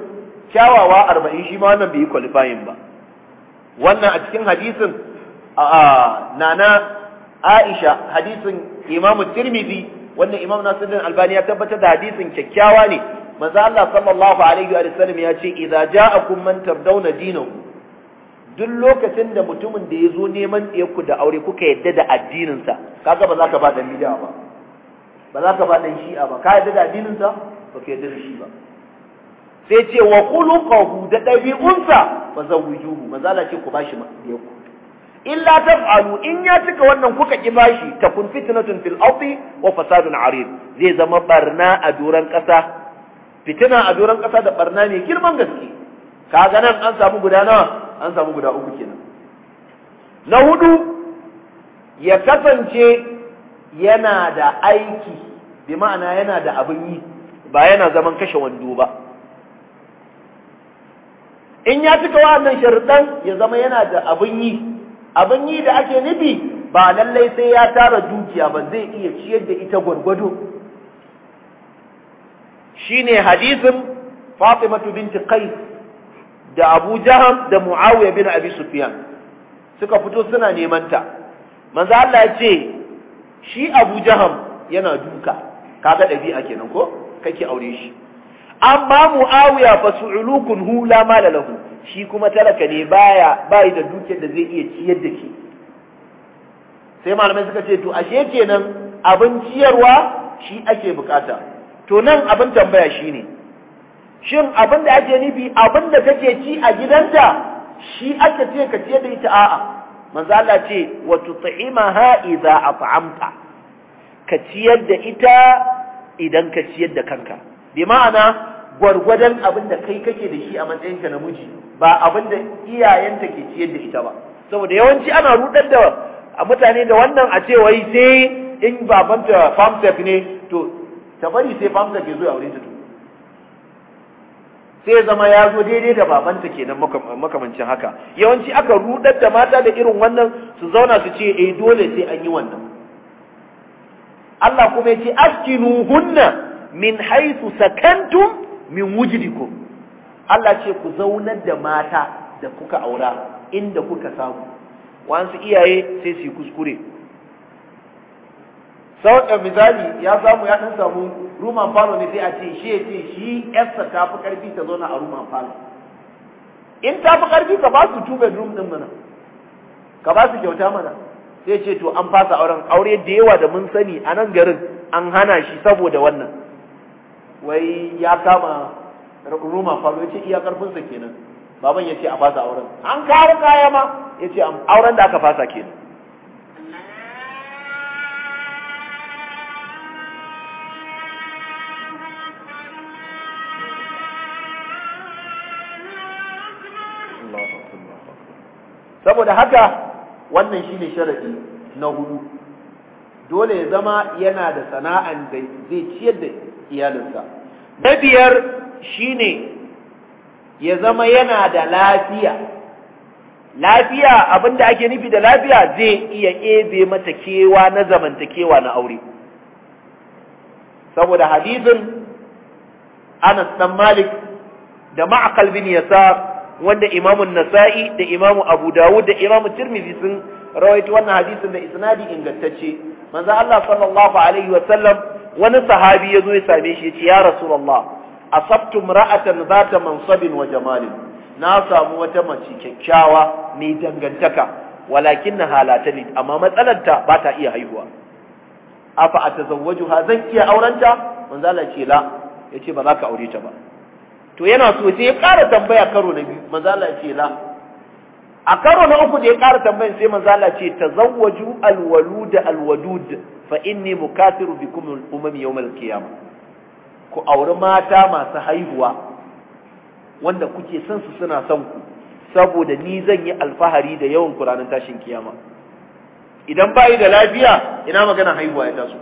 kyawawa 40 shi ma wannan bai yi kwalifayin ba wannan a cikin hadisin nana Aisha hadisin Imam Tirmidhi wannan Imam Nasiruddin Albani ya tabbatar da hadisin kyakkyawa ne manzo Allah sallallahu alaihi wa sallam ya ce idza ja'akum man tardawna dinahu duk lokacin da mutumin da ya zo neman ku da aure kuka yadda da addininsa kaga ba za ka ba dan ba ba za ka ba dan shi'a ba ka yadda da addininsa ba ka yadda da shi ba sai ce wa khuluquhu da dabi'unsa fa zawwijuhu mazala ce ku bashi biyo ku illa taf'alu in ya cika wannan kuka ki bashi fitina fitnatun fil ardi wa fasadun arid zai zama barna a duran ƙasa. fitina a duran ƙasa da barna ne girman gaske kaga nan an samu guda nawa an samu guda uku kenan na hudu ya kasance yana da aiki bi ma'ana yana da abin yi ba yana zaman kashe wando ba in ya cika wannan sharuɗan ya zama yana da abin yi abin yi da ake nufi ba lallai sai ya tara dukiya ba zai iya ciyar da ita gwargwado shine hadisin Fatimatu binti Qais da Abu Jaham da Muawiya bin Abi Sufyan suka fito suna neman ta manzo Allah ya ce shi Abu Jaham yana duka kaga dabi'a kenan ko kake aure shi amma muawiya fa su'ulukun hu la mala shi kuma talaka ne baya bai da dukiyar da zai iya ciyar da shi sai malamai suka ce to ashe kenan abin ciyarwa shi ake bukata to nan abin tambaya shine shin abin da ake nufi abin da kake ci a gidanta shi ake ce ka ciyar da ita a'a manzo Allah ce wa tut'imaha idza at'amta ka ciyar da ita idan ka ciyar da kanka bi ma'ana gwargwadon abin da kai kake da shi a matsayinka na namiji. ba abin da iyayenta ke ciyar da ita ba saboda yawanci ana rudar da mutane da wannan a cewa wai sai in baban ta famsek ne to ta bari sai famsek ya zo a wurin ta sai zama ya zo daidai da babanta kenan makamancin haka yawanci aka rudar da mata da irin wannan su zauna su ce eh dole sai an yi wannan Allah kuma ya ce askinuhunna min haisu sakantum min wujidikum Allah ce ku zaunar da mata da kuka aura inda kuka samu Wansu iyaye sai su kuskure sau da misali ya samu ya san samu ruman falo ne sai a ce shi ya ce shi yarsa ta fi karfi ta zauna a ruman falo in ta fi karfi ka ba su two bedroom din mana ka ba su kyauta mana sai ce to an fasa auren aure da yawa da mun sani a nan garin an hana shi saboda wannan wai ya kama ruma faru ya ce iya karfinsa kenan baban ya ce a fasa auren an kawo kaya ma ya ce auren da aka fasa kenan saboda haka wannan shi ne sharadi na hudu dole ya zama yana da sana'an da zai ciyar da iyalinsa na biyar shine ya zama yana da lafiya lafiya abinda ake nufi da lafiya zai iya ebe mata kewa na zamantakewa na aure saboda hadizin Anas dan Malik da Ma'qal bin Yasar wanda imamun nasai da imamu Abu Dawud da imamu Tirmidhi sun rawaito wannan hadisin da isnadi ingantacce manzo Allah sallallahu alaihi wa sallam wani sahabi ya zo ya same shi ya ce ya a asabtu ra'atan ta mansabin wa jamalin na samu wata mace kyakkyawa mai dangantaka walakin na halata ne amma matsalarta ba ta iya haihuwa afa a ha zan iya aurenta manzo Allah ce la ce ba za ka aure ta ba to yana so sai ya ƙara tambaya karo na biyu man Allah ce la a karo na uku da ya ƙara tambayin sai manzo Allah ce tazawwaju alwalud alwadud fa inni mukathiru bikum umam yawm alqiyamah ku auri mata masu haihuwa wanda kuke son su suna son ku saboda ni zan yi alfahari da yawan ku tashin kiyama idan yi da lafiya ina magana haihuwa ya taso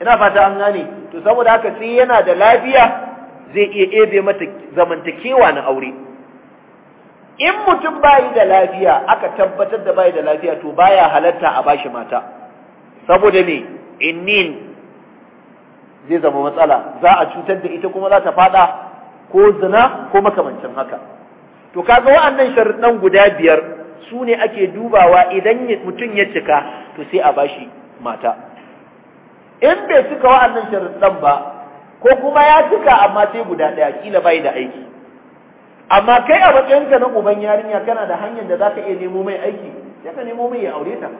ina fata an gane to saboda haka sai yana da lafiya zai iya ebe mata zamantakewa na aure in mutum bayi da lafiya aka tabbatar da bayi da lafiya to baya halatta a bashi mata saboda me innin zai zama matsala za a cutar da ita kuma za ta fada ko zina ko makamancin haka to kaga wa'annan sharuɗan guda biyar su ne ake dubawa idan mutum ya cika to sai a bashi mata in bai cika wa'annan sharuɗan ba ko kuma ya cika amma sai guda ɗaya kila bai da aiki amma kai a matsayinka na uban yarinya kana da hanyar da zaka iya nemo mai aiki sai ka nemo mai ya aure ta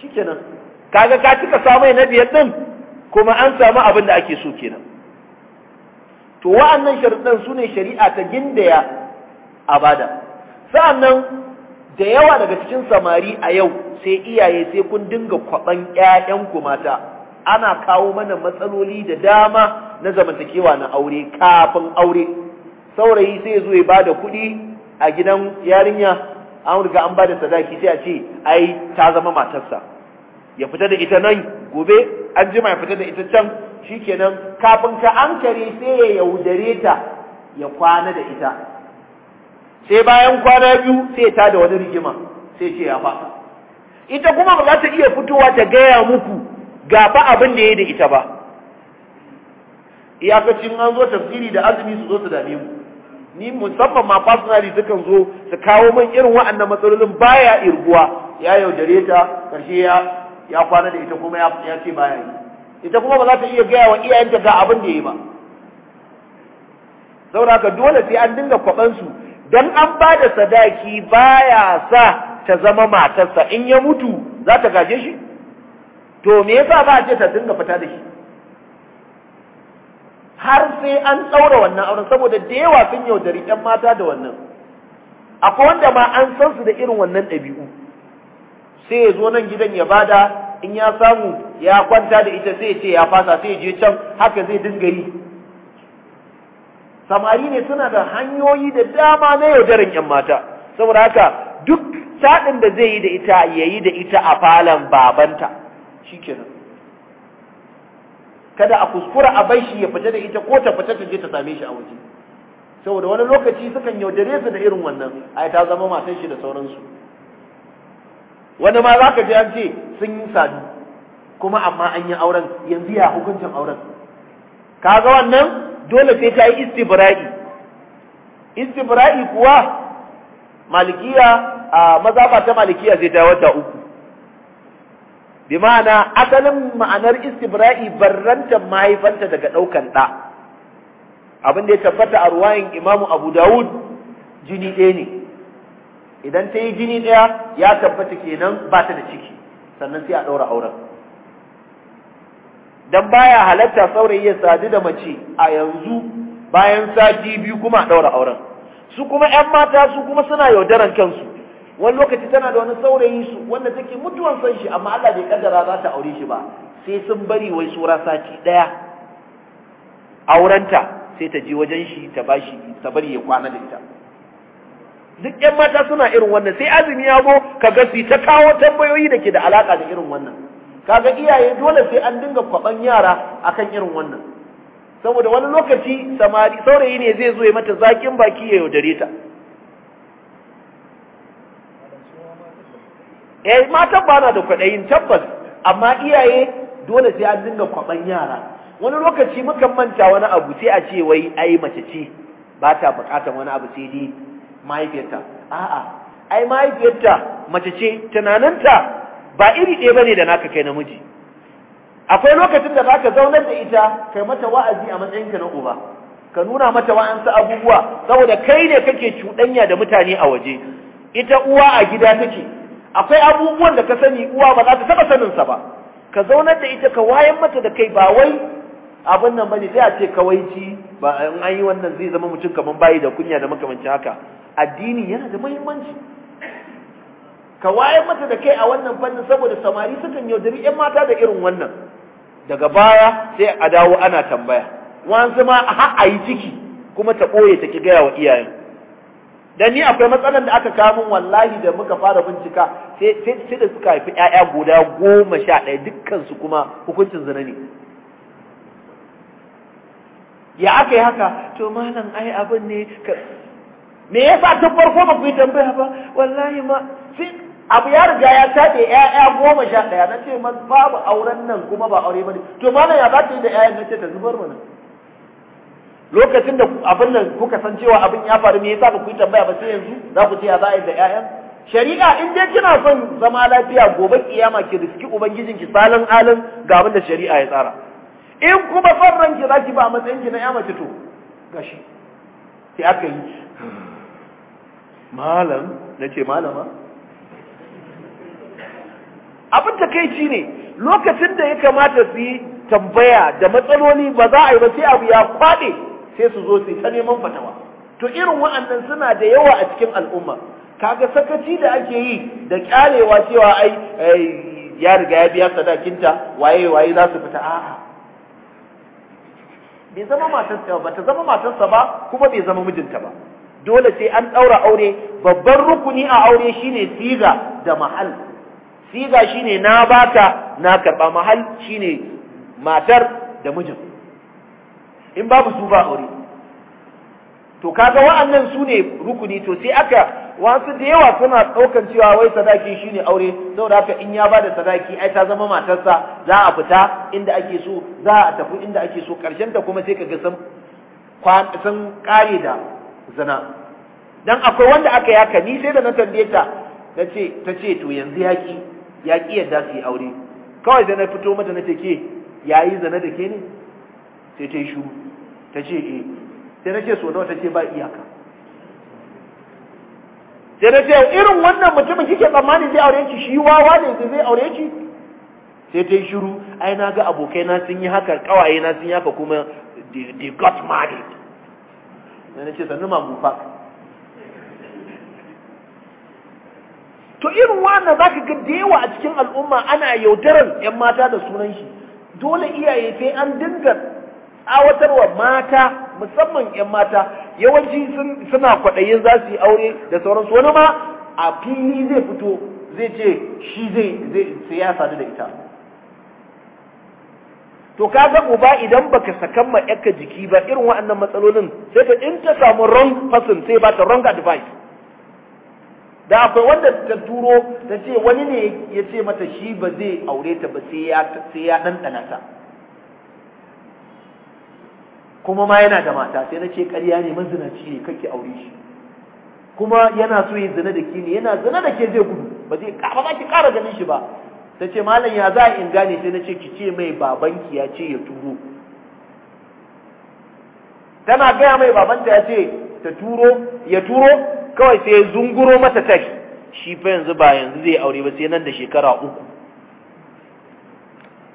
shikenan kaga ka cika samai na biyar din kuma an samu abin da ake so kenan to wa'annan sharuɗan su ne shari'a ta gindaya a bada nan da yawa daga cikin samari a yau sai iyaye sai kun dinga kwaban ƴaƴanku mata ana kawo mana matsaloli da dama na zamantakewa na aure kafin aure saurayi sai zo ya bada kuɗi a gidan yarinya an riga an bada sadaki sai a ce ai ta zama matarsa ya fita da ita nan gobe an jima ya fita da ita can shikenan kafin ka ankare sai ya yaudare ta ya kwana da ita sai bayan kwana biyu sai ta da wani rigima sai ce ya fa ita kuma ba za ta iya fitowa ta gaya muku ga ba abin da ya da ita ba iyakacin an zo tafsiri da azumi su zo su dame mu ni musamman ma personally dukan zo su kawo min irin wa'annan matsalolin baya irguwa ya yaudare ta karshe ya ya kwana da ita kuma ya ce baya yi ita kuma ba za ta iya gaya wa iyayenta ga abin da ya yi ba saboda dole sai an dinga kwaban su dan an ba da sadaki baya sa ta zama matarsa in ya mutu za ta gaje shi to me yasa ba a ce ta dinga fita da shi har sai an ɗaura wannan auren saboda da yawa sun yaudari ɗan mata da wannan akwai wanda ma an san su da irin wannan ɗabi'u sai ya zo nan gidan ya bada in ya samu ya kwanta da ita sai ya ce ya fasa sai ya je can haka zai dinga yi samari ne suna da hanyoyi da dama na yaudaran 'yan mata saboda haka duk saɗin da zai yi da ita ya yi da ita a falon babanta shikenan kada a kuskura a bai shi ya fita da ita ko ta fita ta je ta same shi a waje saboda wani lokaci sukan yaudare su da irin wannan ai ta zama matan shi da sauransu wani ma za ka ji an ce sun yi sadu kuma amma an yi auren yanzu ya hukuncin auren ka ga wannan dole sai ta yi istibra'i istibra'i kuwa malikiya a maza ba ta malikiya zai ta wata uku bi ma'ana asalin ma'anar istibra'i barranta mahaifanta daga ɗaukan ɗa abin da ya tabbata a ruwayin imamu abu dawud jini ɗaya ne idan ta yi jini ɗaya ya tabbata kenan ba ta da ciki sannan sai a ɗaura auren dan baya halatta saurayi ya sadu da mace a yanzu bayan sati biyu kuma a ɗaura auren su kuma 'yan mata su kuma suna yaudaran kansu wani lokaci tana da wani saurayi su wanda take mutuwan son shi amma Allah bai kaddara za ta aure shi ba sai sun bari wai sura sati daya aurenta sai ta je wajen shi ta bashi ta bari ya kwana da ita duk ƴan mata suna irin wannan sai azumi ya go ga su ta kawo tambayoyi da ke da alaka da irin wannan kaga iyaye dole sai an dinga kwaban yara akan irin wannan saboda wani lokaci samari saurayi ne zai zo ya mata zakin baki ya yaudare ta eh matan ba da kwaɗayin tabbas amma iyaye dole sai an dinga kwaɓan yara wani lokaci mukan manta wani abu sai a ce wai ai mace ce ba ta buƙatar wani abu sai dai mahaifiyarta a'a ai mahaifiyarta mace ce tunaninta ba iri ɗaya bane da naka kai namiji akwai lokacin da zaka zaunar da ita kai mata wa'azi a matsayinka na uba ka nuna mata wa'ansu abubuwa saboda kai ne kake cuɗanya da mutane a waje ita uwa a gida take akwai abubuwan da ka sani uwa ba za ta taba sanin sa ba ka zaunar da ita ka wayan mata da kai ba wai abin nan bane sai a ce kawaici ba in an yi wannan zai zama mutum kaman bayi da kunya da makamancin haka addini yana da muhimmanci ka wayan mata da kai a wannan fannin saboda samari sukan yaudari yan mata da irin wannan daga baya sai a dawo ana tambaya wanzu ma a yi ciki kuma ta ɓoye ta ki gaya wa iyayen dan ni akwai matsalar da aka kawo min wallahi da muka fara bincika sai sai da suka haifi ƴaƴa guda goma sha ɗaya dukkan su kuma hukuncin zina ne ya aka yi haka to malam ai abin ne me yasa ta farko ba ku yi tambaya ba wallahi ma sai abu ya riga ya taɗe ƴaƴa goma sha ɗaya na ce babu auren nan kuma ba aure ba ne to malam ya ba ta yi da ƴaƴan na ce ta zubar mana lokacin da abin nan kuka san cewa abin ya faru me yasa ba ku yi tambaya ba sai yanzu za ku ce ya za a yi da ƴaƴan shari'a in dai kina son zama lafiya gobe kiyama ki riski ubangijin ki salan alin ga abin da shari'a ya tsara in kuma son ki za ki ba a matsayin ki na ƴa mace to gashi sai aka yi malam na ce malama abin takaici ne lokacin da ya kamata su yi tambaya da matsaloli ba za a yi ba sai abu ya kwaɗe sai su zo su ta neman fatawa to irin wa'annan suna da yawa a cikin al'umma kaga sakaci da ake yi da kyalewa cewa ai ya riga ya biya sadakinta waye waye za su fita a'a bai zama matarsa ba ta zama matarsa ba kuma bai zama mijinta ba dole sai an daura aure babban rukuni a aure shine siga da mahal siga shine na baka na karba mahal shine matar da mijin in babu su ba aure to kaga wa'annan su ne rukuni to sai aka wasu da yawa suna ɗaukan cewa wai sadaki shine aure saboda haka in ya ba da sadaki ai ta zama matarsa za a fita inda ake so za a tafi inda ake so karshen ta kuma sai ka ga sun kare da zana. dan akwai wanda aka yaka ni sai da na tambaye ta ta ce to yanzu yaki ki yadda su yi aure kawai da na fito mata na ke yayi zana da ke ne sai ta yi shuru ta ce e sai na ce so nawa ta ce ba iyaka sai na ce irin wannan mutumin kike tsammanin zai aure ki shi wawa ne zai aure ki sai ta yi shuru ai na ga abokai na sun yi haka kawaye na sun yi haka kuma they got married sai na ce sannu ma gufa to irin wannan za ga da yawa a cikin al'umma ana yaudarar yan mata da sunan shi dole iyaye sai an dinga tsawatarwa mata musamman 'yan mata yawanci suna kwaɗayin za su yi aure da sauransu wani ma a fili zai fito zai ce shi zai ya sadu da ita to ka ga uba idan baka sakan ma jiki ba irin waɗannan matsalolin sai ka in ta samu wrong person sai ba ta wrong advice da akwai wanda ta turo ta ce wani ne ya ce mata shi ba zai aure ta ba sai ya ɗanɗana ta kuma ma yana da mata sai na ce ƙarya ne mazinaci ne kake aure shi kuma yana so yin zina da ke ne yana zina da ke zai gudu ba zai ba ki ƙara ganin shi ba ta ce malam ya za a in gane sai na ce ki ce mai babanki ya ce ya turo tana gaya mai babanta ya ce ta turo ya turo kawai sai ya zunguro mata tashi shi fa yanzu ba yanzu zai aure ba sai nan da shekara uku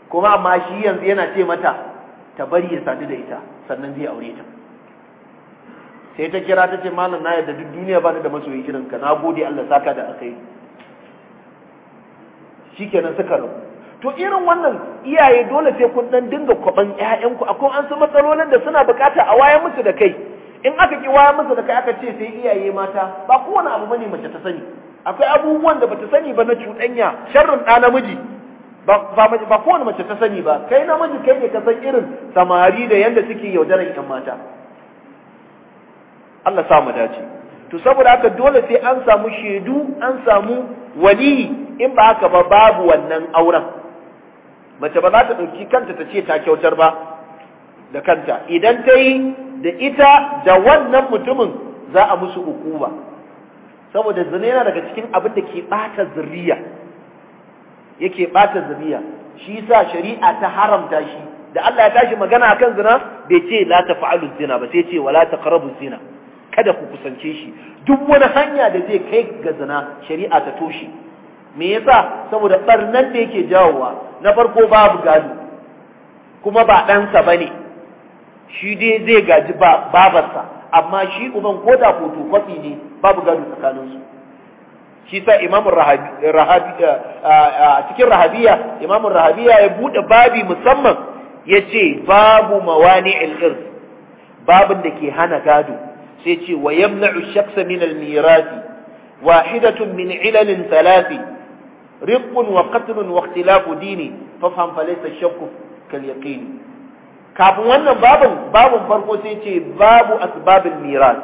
kuma amma shi yanzu yana ce mata ta bari ya sadu da ita sannan zai aure ta sai ta kira ta ce malam na yadda duk duniya ba da masoyi irin ka na gode Allah saka da akai shikenan suka rabu to irin wannan iyaye dole sai kun dan dinga kwaban ƴaƴanku akwai an san matsalolin da suna bukata a waya musu da kai in aka ki wayar musu da kai aka ce sai iyaye mata ba kowane abu bane mace ta sani akwai abubuwan da bata sani ba na cuɗanya sharrin ɗa namiji ba kowane mace ta sani ba kai namiji kai ne ka san irin samari da yadda suke yaudarar yan mata Allah sa mu dace to saboda haka dole sai an samu shaidu an samu wali in ba haka ba babu wannan auren mace ba za ta ɗauki kanta ta ce ta kyautar ba da kanta idan ta yi da ita da wannan mutumin za a musu hukuma saboda zina yana daga cikin abin da ke ɓata zuriya yake bata zabiya shi yasa shari'a ta haramta shi da Allah ya tashi magana akan zina bai ce la taf'alu zina ba sai ce wala taqrabu zina kada ku kusance shi duk wani hanya da zai kai ga zina shari'a ta toshe me yasa saboda barnan da yake jawowa na farko babu gado kuma ba ɗansa bane shi dai zai gaji babarsa amma shi uban ko da kwafi ne babu gado tsakaninsu shi sa imamun eh, eh, a cikin rahabiya imamun rahabiya ya buɗe babi musamman ya ce babu mawani al'irs babin da ke hana gado sai ce wa yamna'u shaksa min almirasi wahidatun min ilalin talafi Rikun wa qatlun wa ikhtilafu dini fafham falaysa shakku kal yaqin kafin wannan babin babin farko sai ce babu asbabul miras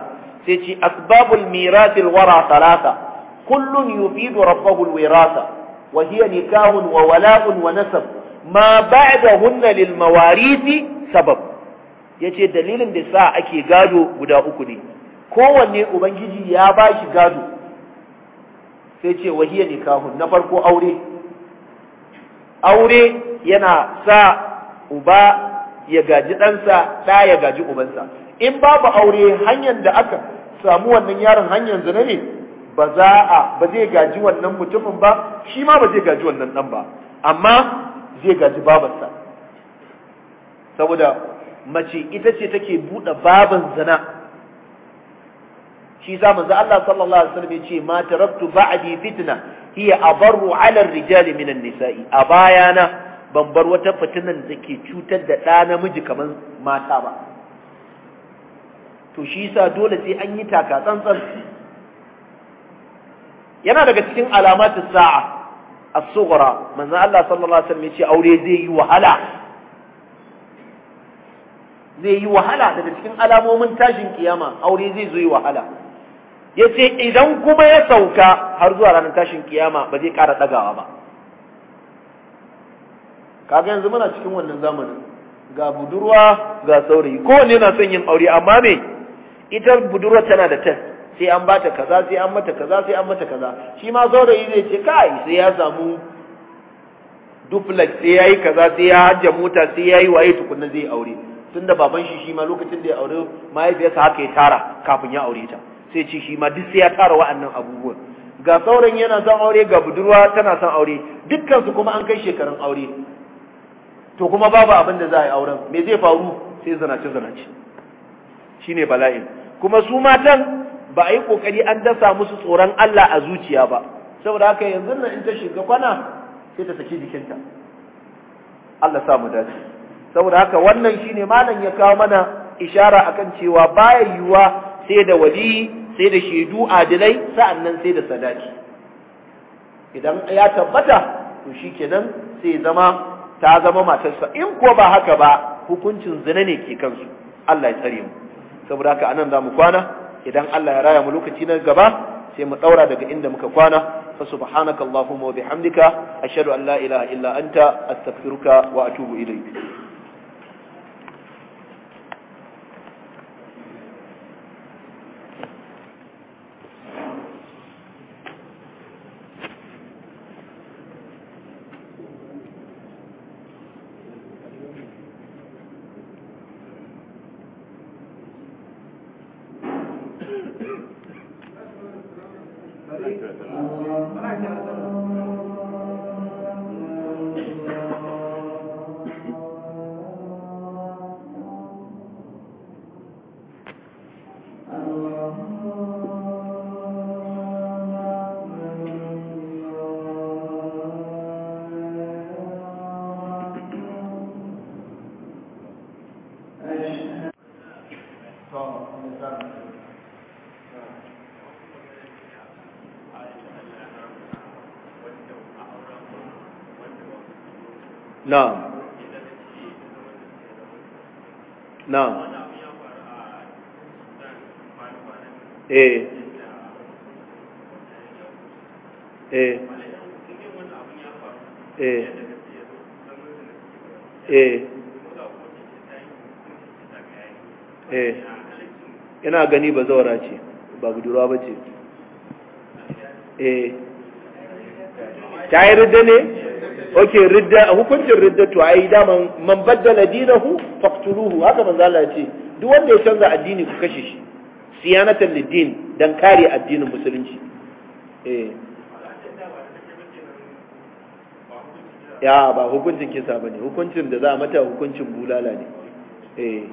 sai ce asbabul mirasil wara talata كل يفيد ربه الوراثة وهي نكاه وولاء ونسب ما بعدهن للمواريث سبب yace dalilin da sa ake gado guda uku ne kowanne ubangiji ya ba shi gado sai ce wahiya nikahun na farko aure aure yana sa uba ya gaji ɗansa ɗa ya gaji ubansa in babu aure hanyar da aka samu wannan yaron hanyar zina ba za a ba zai gaji wannan mutumin ba shi ma ba zai gaji wannan dan ba amma zai gaji babansa. saboda mace ita ce take buɗe baban zina shi za manzo Allah sallallahu alaihi wasallam ce ma taraktu ba'di fitna hiya abaru 'ala rijali min nisai a bayana ban bar wata fitinan da ke cutar da ɗa namiji kamar mata ba to shi yasa dole sai an yi taka yana daga cikin alamatu sa'a as-sughra manzo Allah sallallahu alaihi wasallam yace aure zai yi wahala zai yi wahala daga cikin alamomin tashin kiyama aure zai zo yi wahala yace idan kuma ya sauka har zuwa ranar tashin kiyama ba zai ƙara dagawa ba kaga yanzu muna cikin wannan zamanin ga budurwa ga saurayi kowanne na son yin aure amma me ita budurwa tana da test sai an bata kaza sai an mata kaza sai an mata kaza shi ma saurayi zai ce kai sai ya samu duplex sai yayi kaza sai ya hajja mota sai yayi waye tukunna zai aure tunda baban shi shi ma lokacin da ya aure mahaifiyarsa haka ya tara kafin ya aure ta sai ce shi ma duk sai ya tara wa'annan abubuwan ga sauran yana son aure ga budurwa tana son aure dukkan su kuma an kai shekarun aure to kuma babu abin da za a yi auren me zai faru sai zanace zanace shine bala'in kuma su matan ba a yi kokari an dasa musu tsoron Allah a zuciya ba saboda haka yanzu nan in ta shiga kwana sai ta saki jikinta Allah sa mu dace saboda haka wannan shine malam ya kawo mana ishara a kan cewa baya yiwuwa sai da wali sai da shaidu adilai nan sai da sadaki idan ya tabbata to kenan sai zama ta zama matarsa in ko ba haka ba hukuncin zina ne ke kansu Allah ya tsare mu saboda haka anan zamu kwana idan Allah ya raya mu lokaci na gaba sai mu daura daga inda muka kwana fa subhanakallahumma wa bihamdika ashhadu an la ilaha illa anta astaghfiruka wa atubu ilayk ina gani ba zaura ce ba budurwa ba ce eh ta yi ridda ne ok ridda hukuncin ridda to yi daman man baddala dinahu faqtuluhu haka manzo zala ce duk wanda ya canza addini ku kashe shi siyanatan lidin don kare addinin musulunci eh ya ba hukuncin kisa ba ne hukuncin da za a mata hukuncin bulala ne eh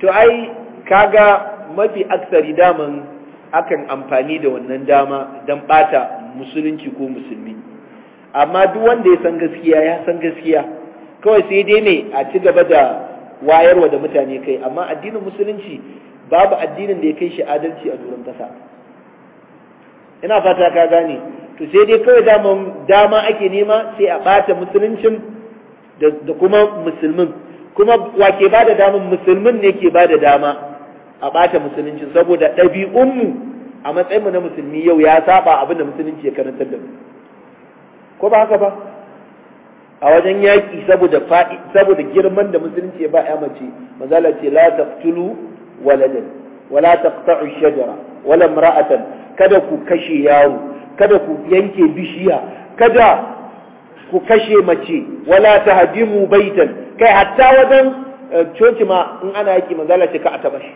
to ai kaga mafi aksari daman akan amfani da wannan dama don bata musulunci ko musulmi amma duk wanda ya san gaskiya ya san gaskiya kawai sai dai ne a ci gaba da wayarwa da mutane kai amma addinin musulunci babu addinin da ya kai shi adalci a duran kasa ina fata ka gane to sai dai kawai dama ake nema sai a bata musuluncin da kuma musulmin kuma wa ke ba da damar musulmin ne ke ba da dama a ɓata musulunci saboda ɗabi'unmu a matsayinmu na musulmi yau ya saba abin da musulunci ya karantar da ko ba haka ba a wajen yaƙi saboda fa'i saboda girman da musulunci ya ba ya mace mazala ce la taqtulu waladan wala taqta'u shajara wala imra'atan kada ku kashe yaro kada ku yanke bishiya kada ku kashe mace wala ta tahdimu baitan kai hatta wajen eh, coci ma in ana yaki manzala ce ka a taba shi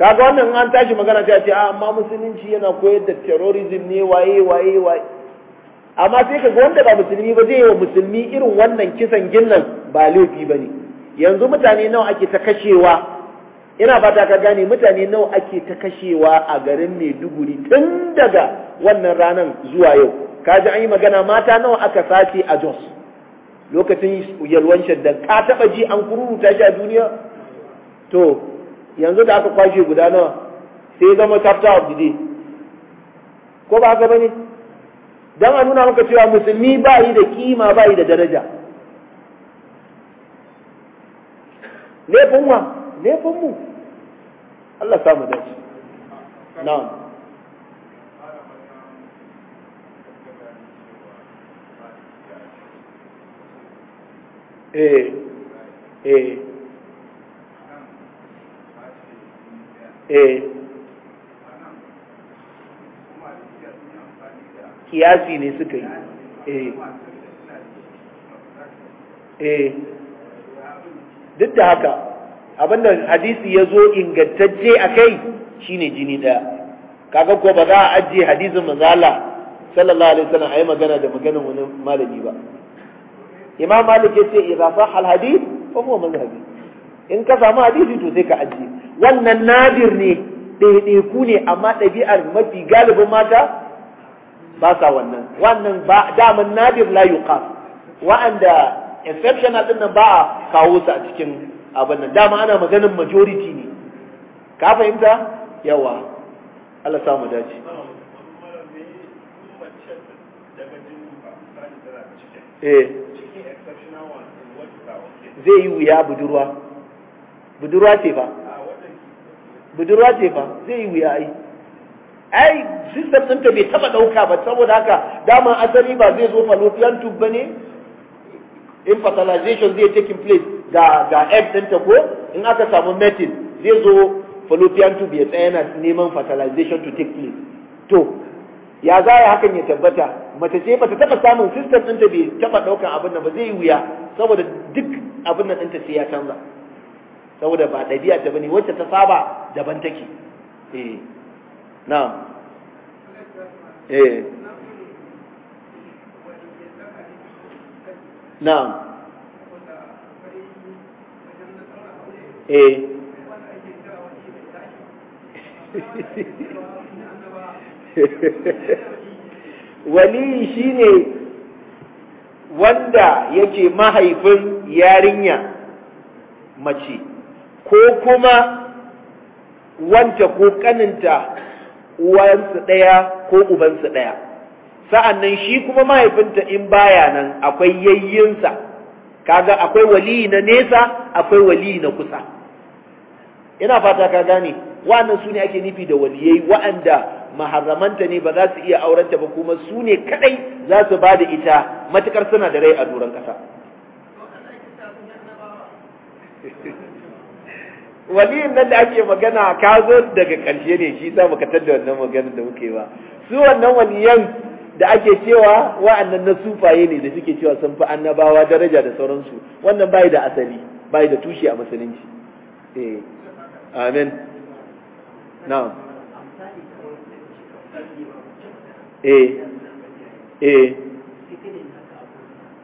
kaga wannan in an tashi magana ta ce ah, amma musulunci yana koyar da terrorism ne waye waye waye amma sai kaga wanda ba musulmi ba zai yi wa musulmi irin wannan kisan ginnan ba laifi ba ne. yanzu mutane nawa ake ta kashewa ina fata ka gane mutane nawa ake ta kashewa a garin Maiduguri tun daga wannan ranar zuwa yau kaji an yi magana mata nawa aka sace a Jos lokacin yalwan shaddan ka taba ji an kururuta shi a duniya to yanzu da aka kwashe guda nawa sai zama chapter of the day ko ba ka bane dan a nuna maka cewa musulmi ba yi da kima ba yi da daraja laifin wa laifinmu Allah samu dace na'am eh eh eh kiyasi ne suka yi eh eh duk da haka abinda hadisi ya zo ingantacce a kai shine jini ɗaya kaga ko ba za a ajiye hadisin mazala sallallahu alaihi wasallam ayi magana da maganin wani malami ba imam malik ya ce idza sah al hadith fa huwa mazhabi in ka samu hadisi to sai ka ajiye wannan nadir ne ɗaiɗaiku ne amma ɗabi'ar mafi galibin mata ba sa wannan wannan ba daman nadir la yuqas wa'anda exceptional din nan ba a kawo su a cikin abin nan dama ana maganin majority ne ka fahimta yawa Allah samu dace eh zai yi wuya budurwa budurwa ce fa budurwa ce fa zai yi wuya ai ai system ta bai taɓa ɗauka ba saboda haka dama asali ba zai zo fallopian tube ba ne infertilization zai taking place ga ga egg ta ko in aka samu metin zai zo fallopian tube ya tsaya na neman fertilization to take place to ya za ya hakan ya tabbata mace ce bata taba samun system ɗinta bai taba ɗaukan abin da ba zai yi wuya saboda duk abin nan ɗinta sai ya canza saboda ba ɗabi'a ta bane wacce ta saba daban take eh na. eh na'am eh waliyi shine wanda yake mahaifin yarinya mace ko kuma wanta ko kaninta uwansu ɗaya ko ubansu ɗaya sa'annan shi kuma mahaifinta in baya nan akwai yayyinsa kaga akwai waliyi na nesa akwai waliyi na kusa ina fata ka gane wa'annan su ne ake nufi da waliyai wa'anda maharramanta ne ba za su iya auranta ba kuma su ne kadai za su ba da ita matukar suna da rai a doron kasa waliyin nan da ake magana ka zo daga ƙarshe ne shi sa katar tada wannan maganar da muke ba su wannan waliyan da ake cewa wa'annan na sufaye ne da suke cewa sun fi annabawa daraja da sauransu wannan bai da asali bai da tushe a musulunci eh amin na'am e e e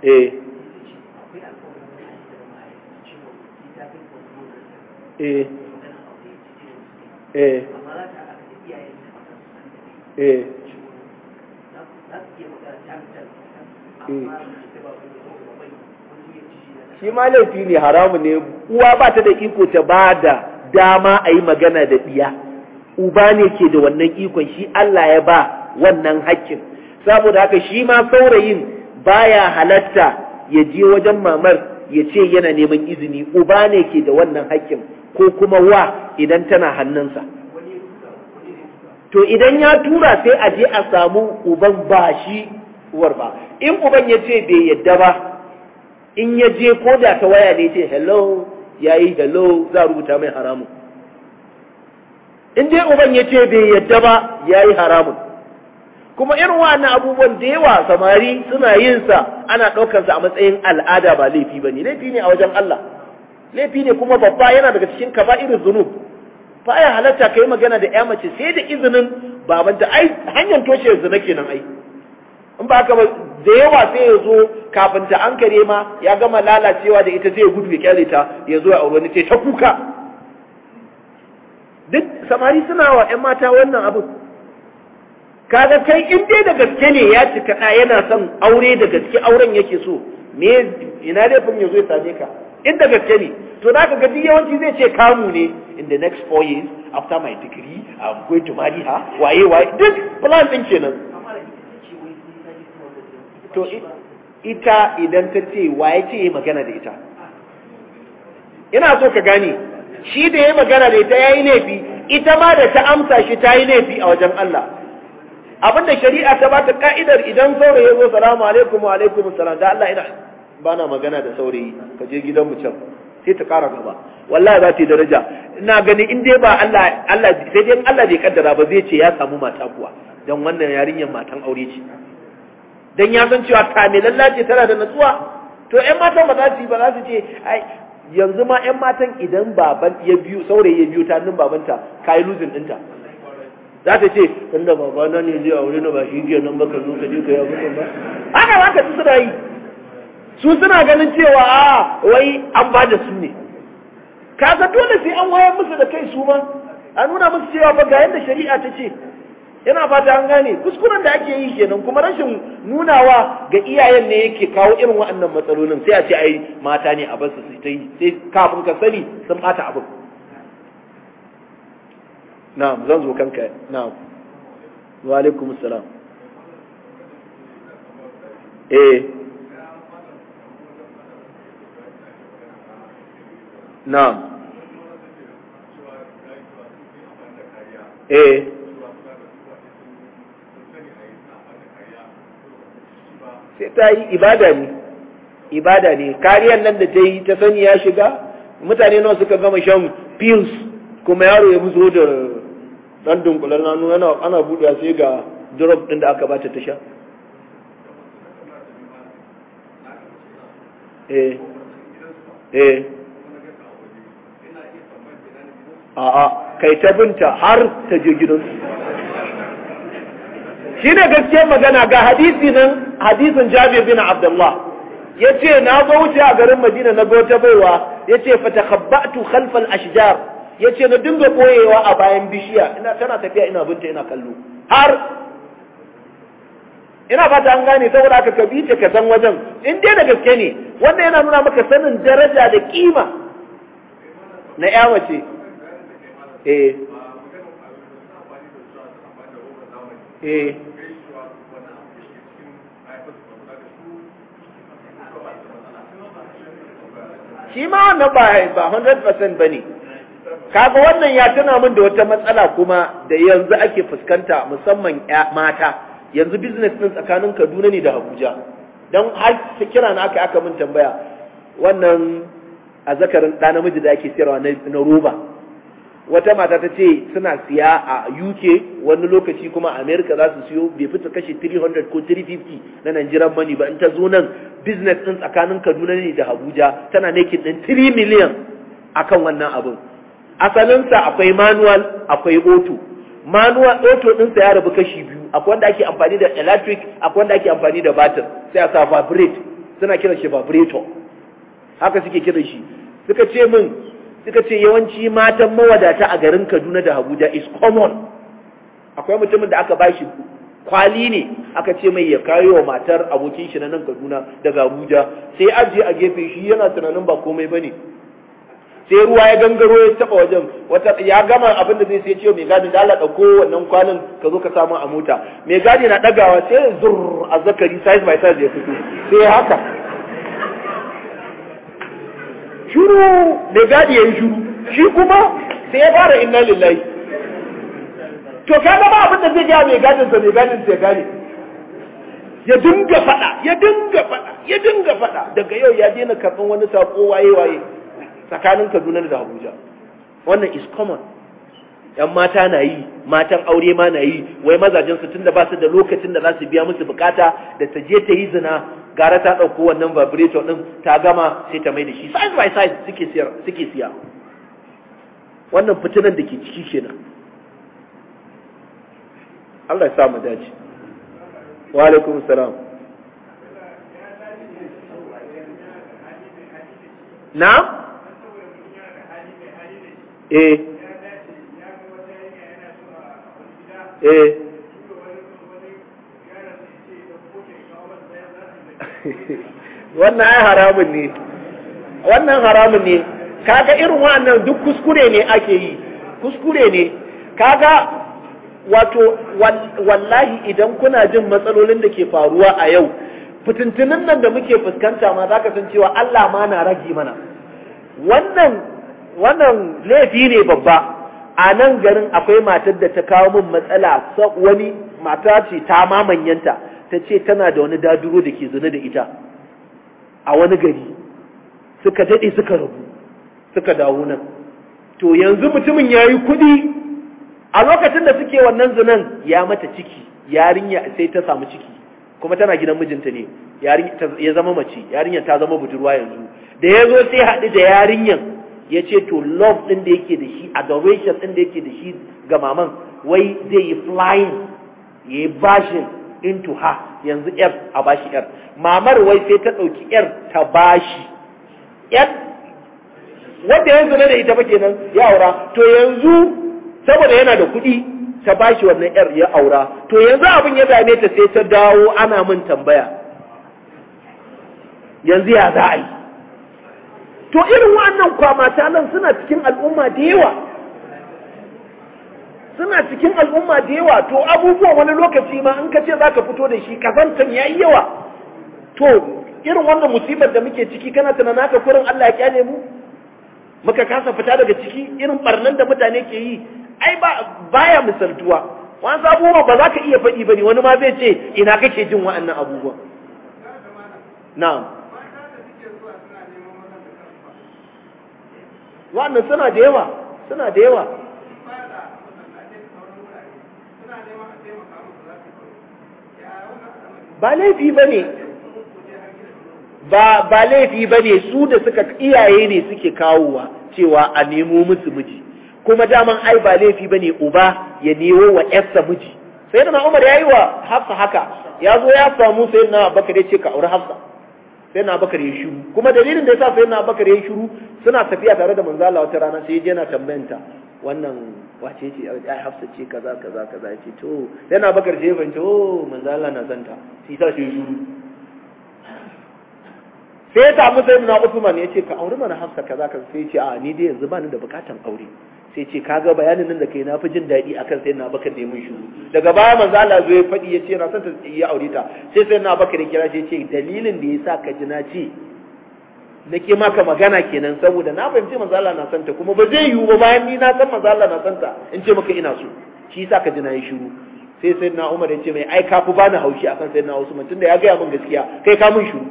e e e shi ma laifi ne haramu ne uwa ba ta da iko ta ba da dama a yi magana da ɗiya uba ne ke da wannan ikon shi Allah ya ba wannan hakkin saboda haka shi ma saurayin baya halatta ya je wajen mamar ya ce yana neman izini uba ne ke da wannan hakkin ko kuma wa idan tana hannunsa to idan ya tura sai a je a samu uban ba shi uwar ba in uban ya ce bai yadda ba in ya je ko da ta waya ne ce hello ya yi da za a rubuta mai haramun in dai uban ya ce bai yadda ba ya yi haramun kuma irin wannan abubuwan da yawa samari suna yin sa ana ɗaukansa a matsayin al'ada ba laifi ba ne laifi ne a wajen Allah laifi ne kuma babba yana daga cikin irin zunub ba ya halatta kai magana da ya mace sai da izinin babanta ai hanyar toshe zina nan ai in ba ka da yawa sai ya zo kafin ta an kare ma ya gama lalacewa da ita zai gudu ya kyale ta ya zo ya aure ni sai ta kuka duk samari suna wa ƴan mata wannan abu kaga kai in dai da gaske ne ya ci kaɗa yana son aure da gaske auren yake so me ina dai fim ya zo ya same ka in da gaske ne to naka ka gaji yawanci zai ce kamu ne in the next four years after my degree I'm going to marry her waye waye duk plan ɗin kenan to ita idan ta ce wa ya ce magana da ita ina so ka gani. shi da ya magana da ita ya yi laifi ita ma da ta amsa shi ta yi laifi a wajen Allah abinda shari'a ta bata ka'idar idan saurayi ya zo salamu alaikum wa alaikum salam da Allah ina bana magana da saurayi ka je gidan mu can sai ta kara gaba wallahi za ta yi daraja ina gani in dai ba Allah Allah sai dai Allah bai kaddara ba zai ce ya samu mata kuwa dan wannan yarinyar matan aure ce dan ya san cewa kamilan ce tana da natsuwa to ƴan matan ba za su yi ba za su ce ai yanzu ma ƴan matan idan baban ya biyu saurayi ya biyu ta nan babanta kai luzin dinta za ta ce inda babana ne zai aure na ba shi ke nan baka zo ka je ka yawo ba haka za ka ci suna yi su suna ganin cewa a wai an ba da su ne ga dole sai an wayar musu da kai su ma a nuna musu cewa ba ga yadda shari'a ta ce yana fata an gane kuskuren da ake yi kenan kuma rashin nunawa ga iyayen ne yake kawo irin waɗannan matsalolin sai a ce ai mata ne a basu su ta yi sai kafin ka sani sun ɓata abin na'am zan zo kanka na'am wa alaikum assalam eh na'am eh sai ta yi ibada ne ibada ne kariyar nan da ta yi ta sani ya shiga mutane nawa suka gama shan pills kuma yaro ya buzo da dan dunkular nanu yana ana buɗe sai ga drop din da aka bata ta sha eh eh a'a kai ta binta har ta je gidansu shi ne gaske magana ga hadisi nan hadisin jabir bin abdullah ya ce na zo wuce a garin madina na ga baiwa ya ce fata khabbatu khalfal ashjar ya ce na dinga koyewa a bayan bishiya ina tana tafiya ina binta ina kallo har ina fata an gane saboda aka ka bice ka san wajen in dai da gaske ne wanda yana nuna maka sanin daraja da kima na ya mace eh eh shi ma wannan ba ba 100% bane kaga wannan ya tana min da wata matsala kuma da yanzu ake fuskanta musamman mata yanzu business din tsakanin Kaduna ne da Abuja dan har kira na aka aka min tambaya wannan a zakarin da namiji da ake sayarwa na roba wata mata ta ce suna siya a UK wani lokaci kuma America za su siyo bai fita kashi 300 ko 350 na Nigerian money ba in ta zo nan business din tsakanin Kaduna ne da Abuja tana nekin din 3 million akan wannan abin asalinsa akwai manual akwai auto manual auto din sa ya rabu kashi biyu akwai wanda ake amfani da electric akwai wanda ake amfani da battery sai a sa vibrate suna kiran shi vibrator haka suke kiran shi suka ce min suka ce yawanci matan mawadata a garin Kaduna da Abuja is common akwai mutumin da aka bashi kwali ne aka ce mai ya kayo wa matar abokin shi na nan Kaduna daga Abuja sai aje a gefe shi yana tunanin ba komai bane sai ruwa ya gangaro ya taba wajen wata ya gama abin da zai sai ce mai gadi da Allah dauko wannan kwalin ka zo ka samu a mota mai gadi na dagawa sai zur zakari size by size ya fito sai haka shuru mai gadi ya yi shuru shi kuma sai ya fara inna lillahi to ka gaba abin da zai gaya mai gadin sa mai gadin sa ya gane ya dinga fada ya dinga fada ya dinga fada daga yau ya daina karban wani sako waye waye tsakanin Kaduna da Abuja wannan is common yan mata na yi matan aure ma na yi wai mazajen su tunda ba su da lokacin da za su biya musu bukata da ta je ta yi zina gara ta ɗauko wannan vibrator ɗin ta gama sai ta mai da shi size by size suke siya wannan fitinan da ke ciki kenan Allah ya sa mu dace wa alaikum salam na eh eh wannan ai haramun ne wannan haramun ne kaga irin wannan duk kuskure ne ake yi kuskure ne kaga wato wallahi idan kuna jin matsalolin da ke faruwa a yau fitintunin nan da muke fuskanta ma ka san cewa Allah ma na ragi mana wannan wannan laifi ne babba a nan garin akwai matar da ta kawo min matsala wani mata ce ta mamanyanta ta ce tana da wani daduro da ke zane da ita a wani gari suka daɗe suka rabu suka dawo nan to yanzu mutumin ya yi kuɗi a lokacin da suke wannan zinan ya mata ciki yarinya sai ta samu ciki kuma tana gidan mijinta ne ya zama mace yarinya ta zama budurwa yanzu da ya zo sai haɗu da yarinyan ya ce to love ɗin da yake da shi adoration ɗin da yake da shi ga maman wai zai yi flying ya yi bashin Into ha yanzu yar a bashi yar mamar wai sai ta ɗauki yar ta bashi yar wanda ya na da ita ba kenan ya aura to yanzu saboda yana da kuɗi ta bashi wannan yar ya aura to yanzu abin ya dame ta sai ta dawo ana min tambaya yanzu ya za yi to irin wannan kwamata nan suna cikin al'umma da yawa suna cikin al'umma da yawa to abubuwa wani lokaci ma in ka ce za ka fito da shi kazantan ya yi yawa to irin wannan musibar da muke ciki kana tunanin haka kurin Allah ya kyale mu muka kasa fita daga ciki irin barnan da mutane ke yi ai ba baya misaltuwa wani abubuwa ba za ka iya faɗi ba ne wani ma zai ce ina kake jin wa'annan abubuwa na'am wa'annan suna da yawa suna da yawa ba laifi ba ne ba laifi ba ne su da suka iyaye ne suke kawowa cewa a nemo musu miji kuma daman ai ba laifi ba ne uba ya nemo wa yarsa miji sai da umar ya yi wa hafsa haka ya zo ya samu sai na bakar ce ka aure hafsa sai na bakar ya shiru kuma dalilin da ya sa sai na bakar ya shiru suna tafiya tare da manzala wata rana sai ya tambayanta wannan wace ce oh, ai hafsa ce kaza kaza kaza ce to yana bakar ce ban oh, ce manzo Allah na santa sai ta shi shuru sai ta mu sai na Uthman ya ce ka aure mana hafsa kaza kaza sai ce a ni dai yanzu ba ni da bukatan aure sai ce kaga bayanin nan da kai na fi jin daɗi akan sai na bakar da ya mun shuru daga baya manzo Allah zo ya fadi yace ce na santa ya aure ta sai sai na bakar ya kira shi yace ce dalilin da yasa ka ji na ce Na ke maka magana kenan saboda na fahimci manzo Allah na santa kuma ba zai yiwu ba bayan ni na san manzo Allah na santa in ce maka ina so shi yasa ka ji na yi shiru sai na Umar ya ce mai ai ka fi bani haushi akan na Usman tunda ya gaya min gaskiya kai ka mun shiru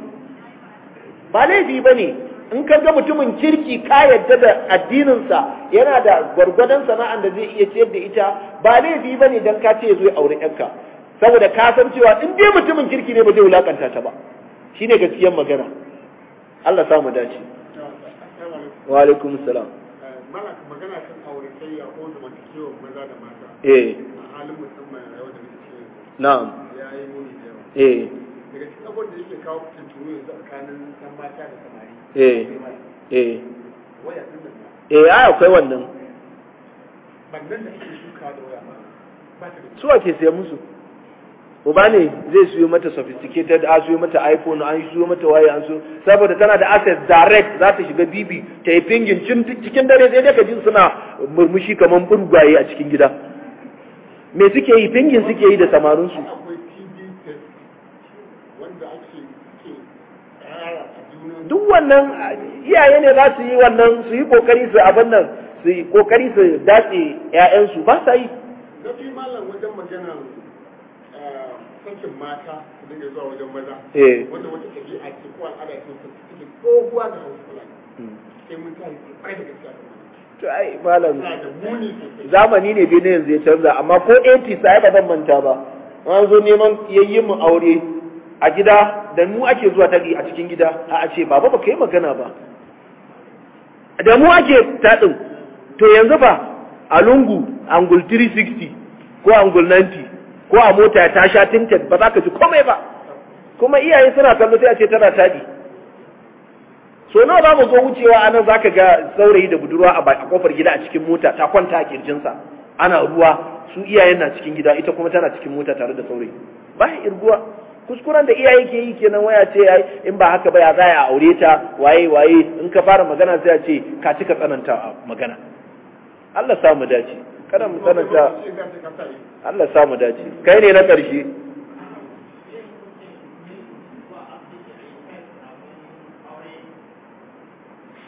ba laifi bane in ka ga mutumin kirki ka yadda da addininsa yana da gwargwadon sana'an da zai iya ciyar da ita ba laifi bane dan ka ce ya zo ya aure ɗanka saboda ka san cewa in dai mutumin kirki ne ba zai wulakanta ta ba shine gaskiyar magana Allah samu dace wa alaikum salam malak magana kan auratayya ko zamantakewa maza da mata eh a halin musamman a yau da muke ciki na'am ya yi muni da yawa eh daga cikin abubuwan da yake kawo tuntuni yanzu tsakanin dan mata da samari eh eh waya din nan eh ai akwai wannan bandan da ake shuka da waya ba Ba ta da. Suwa ke sayan musu uba ne zai suyo mata sophisticated a suyo mata iphone an suyo mata waye an siyo saboda tana da access direct za ta shiga bibi ta yi pingin cikin dare sai daga jin suna murmushi kamar burgaye a cikin gida me suke yi pingin suke yi da samarin su duk wannan iyaye ne za su yi wannan su yi kokari su abin nan su yi kokari su dace 'ya'yansu ba sa yi. malam wajen magana Eh. sakin hmm. zamani ne dai na yanzu ya canza amma ko 80 sai ba zan manta ba an zo neman yayyin mu aure a gida da mu ake zuwa taɗi a cikin gida a ce baba ba ka yi magana ba da mu ake taɗin to yanzu ba a lungu angul 360 ko angul 90 ko a mota ta sha tinted ba za ka ji komai ba kuma iyaye suna kallo sai a ce tana tadi so nawa za mu zo wucewa anan za ka ga saurayi da budurwa a kofar gida a cikin mota ta kwanta a kirjinsa ana ruwa su iyayen na cikin gida ita kuma tana cikin mota tare da saurayi ba irguwa kuskuren da iyaye ke yi kenan waya ce yayi in ba haka ba ya za a aure ta waye waye in ka fara magana sai a ce ka cika tsananta magana Allah sa dace kada mu tsananta Allah samu dace kai ne na ƙarshe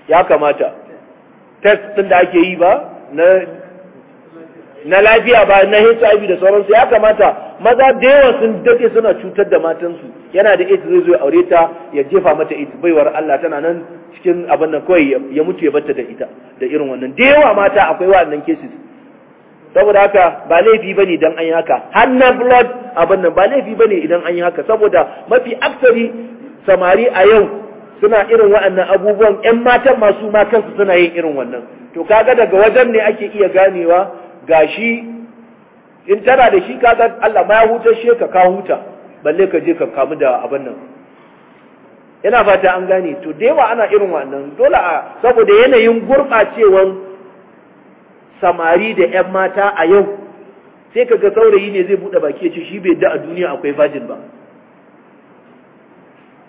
ya kamata test ɗin da ake yi ba na lafiya ba na HIV da sauransu ya kamata maza da yawa sun dade suna cutar da matansu yana da AIDS zai zo ya aure ta ya jefa mata AIDS baiwar Allah tana nan cikin abin nan kawai ya mutu ya batta da ita da irin wannan da yawa mata akwai waɗannan cases saboda haka ba laifi bane idan an yi haka Hannan blood abin nan ba laifi bane idan an yi haka saboda mafi aksari samari a yau suna irin wa'annan abubuwan 'yan matan masu ma kansu suna yin irin wannan to kaga daga wajen ne ake iya ganewa gashi in tana da shi kaga Allah ma ya huta shi ka ka huta balle ka je ka kamu da abin nan yana fata an gane to da yawa ana irin wannan dole a saboda yanayin gurɓacewan samari da 'yan mata a yau sai kaga saurayi ne zai buɗe baki ya ce shi bai da a duniya akwai vajin ba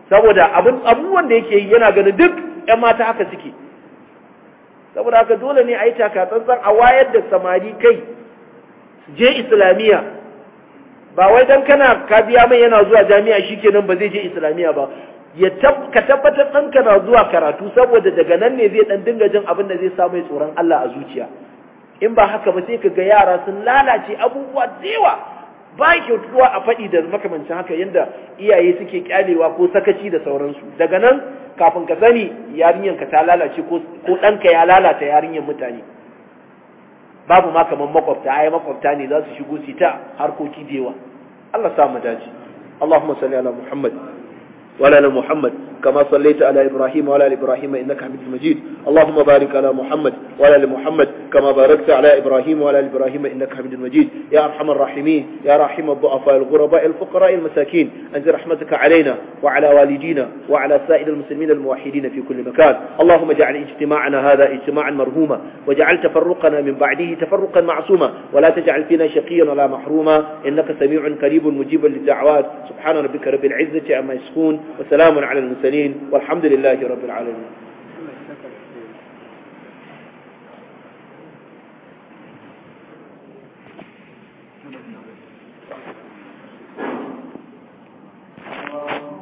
saboda abubuwan da yake yi yana ganin duk 'yan mata haka suke saboda haka dole ne a yi takatsantsan a wayar da samari kai su je islamiyya ba wai don kana ka biya mai yana zuwa jami'a shi kenan ba zai je islamiyya ba ya ka tabbatar ɗanka na zuwa karatu saboda daga nan ne zai ɗan dinga jin abin da zai samu tsoron Allah a zuciya in ba haka ba sai ka ga yara sun lalace abubuwa da ba ba kyautuwa a faɗi da makamancin haka yadda iyaye suke kyalewa ko sakaci da sauransu daga nan kafin ka sani yarinyanka ta lalace ko ɗanka ya lalata yarinyar mutane babu ma kamar makwabta ai makwabta ne za su shigo sita, ta harkoki da yawa Allah sa mu dace Allahumma salli ala Muhammad ولا ال محمد كما صليت على إبراهيم وعلى ال إبراهيم إنك حميد مجيد اللهم بارك على محمد وعلى ال محمد كما باركت على إبراهيم وعلى ال إبراهيم إنك حميد مجيد يا أرحم الراحمين يا راحم الضعفاء الغرباء الفقراء المساكين أنزل رحمتك علينا وعلى والدينا وعلى سائر المسلمين الموحدين في كل مكان اللهم اجعل اجتماعنا هذا اجتماعا مرهوما واجعل تفرقنا من بعده تفرقا معصوما ولا تجعل فينا شقيا ولا محروما إنك سميع قريب مجيب للدعوات سبحان ربك رب العزة عما يصفون وسلام على المرسلين والحمد لله رب العالمين Thank you.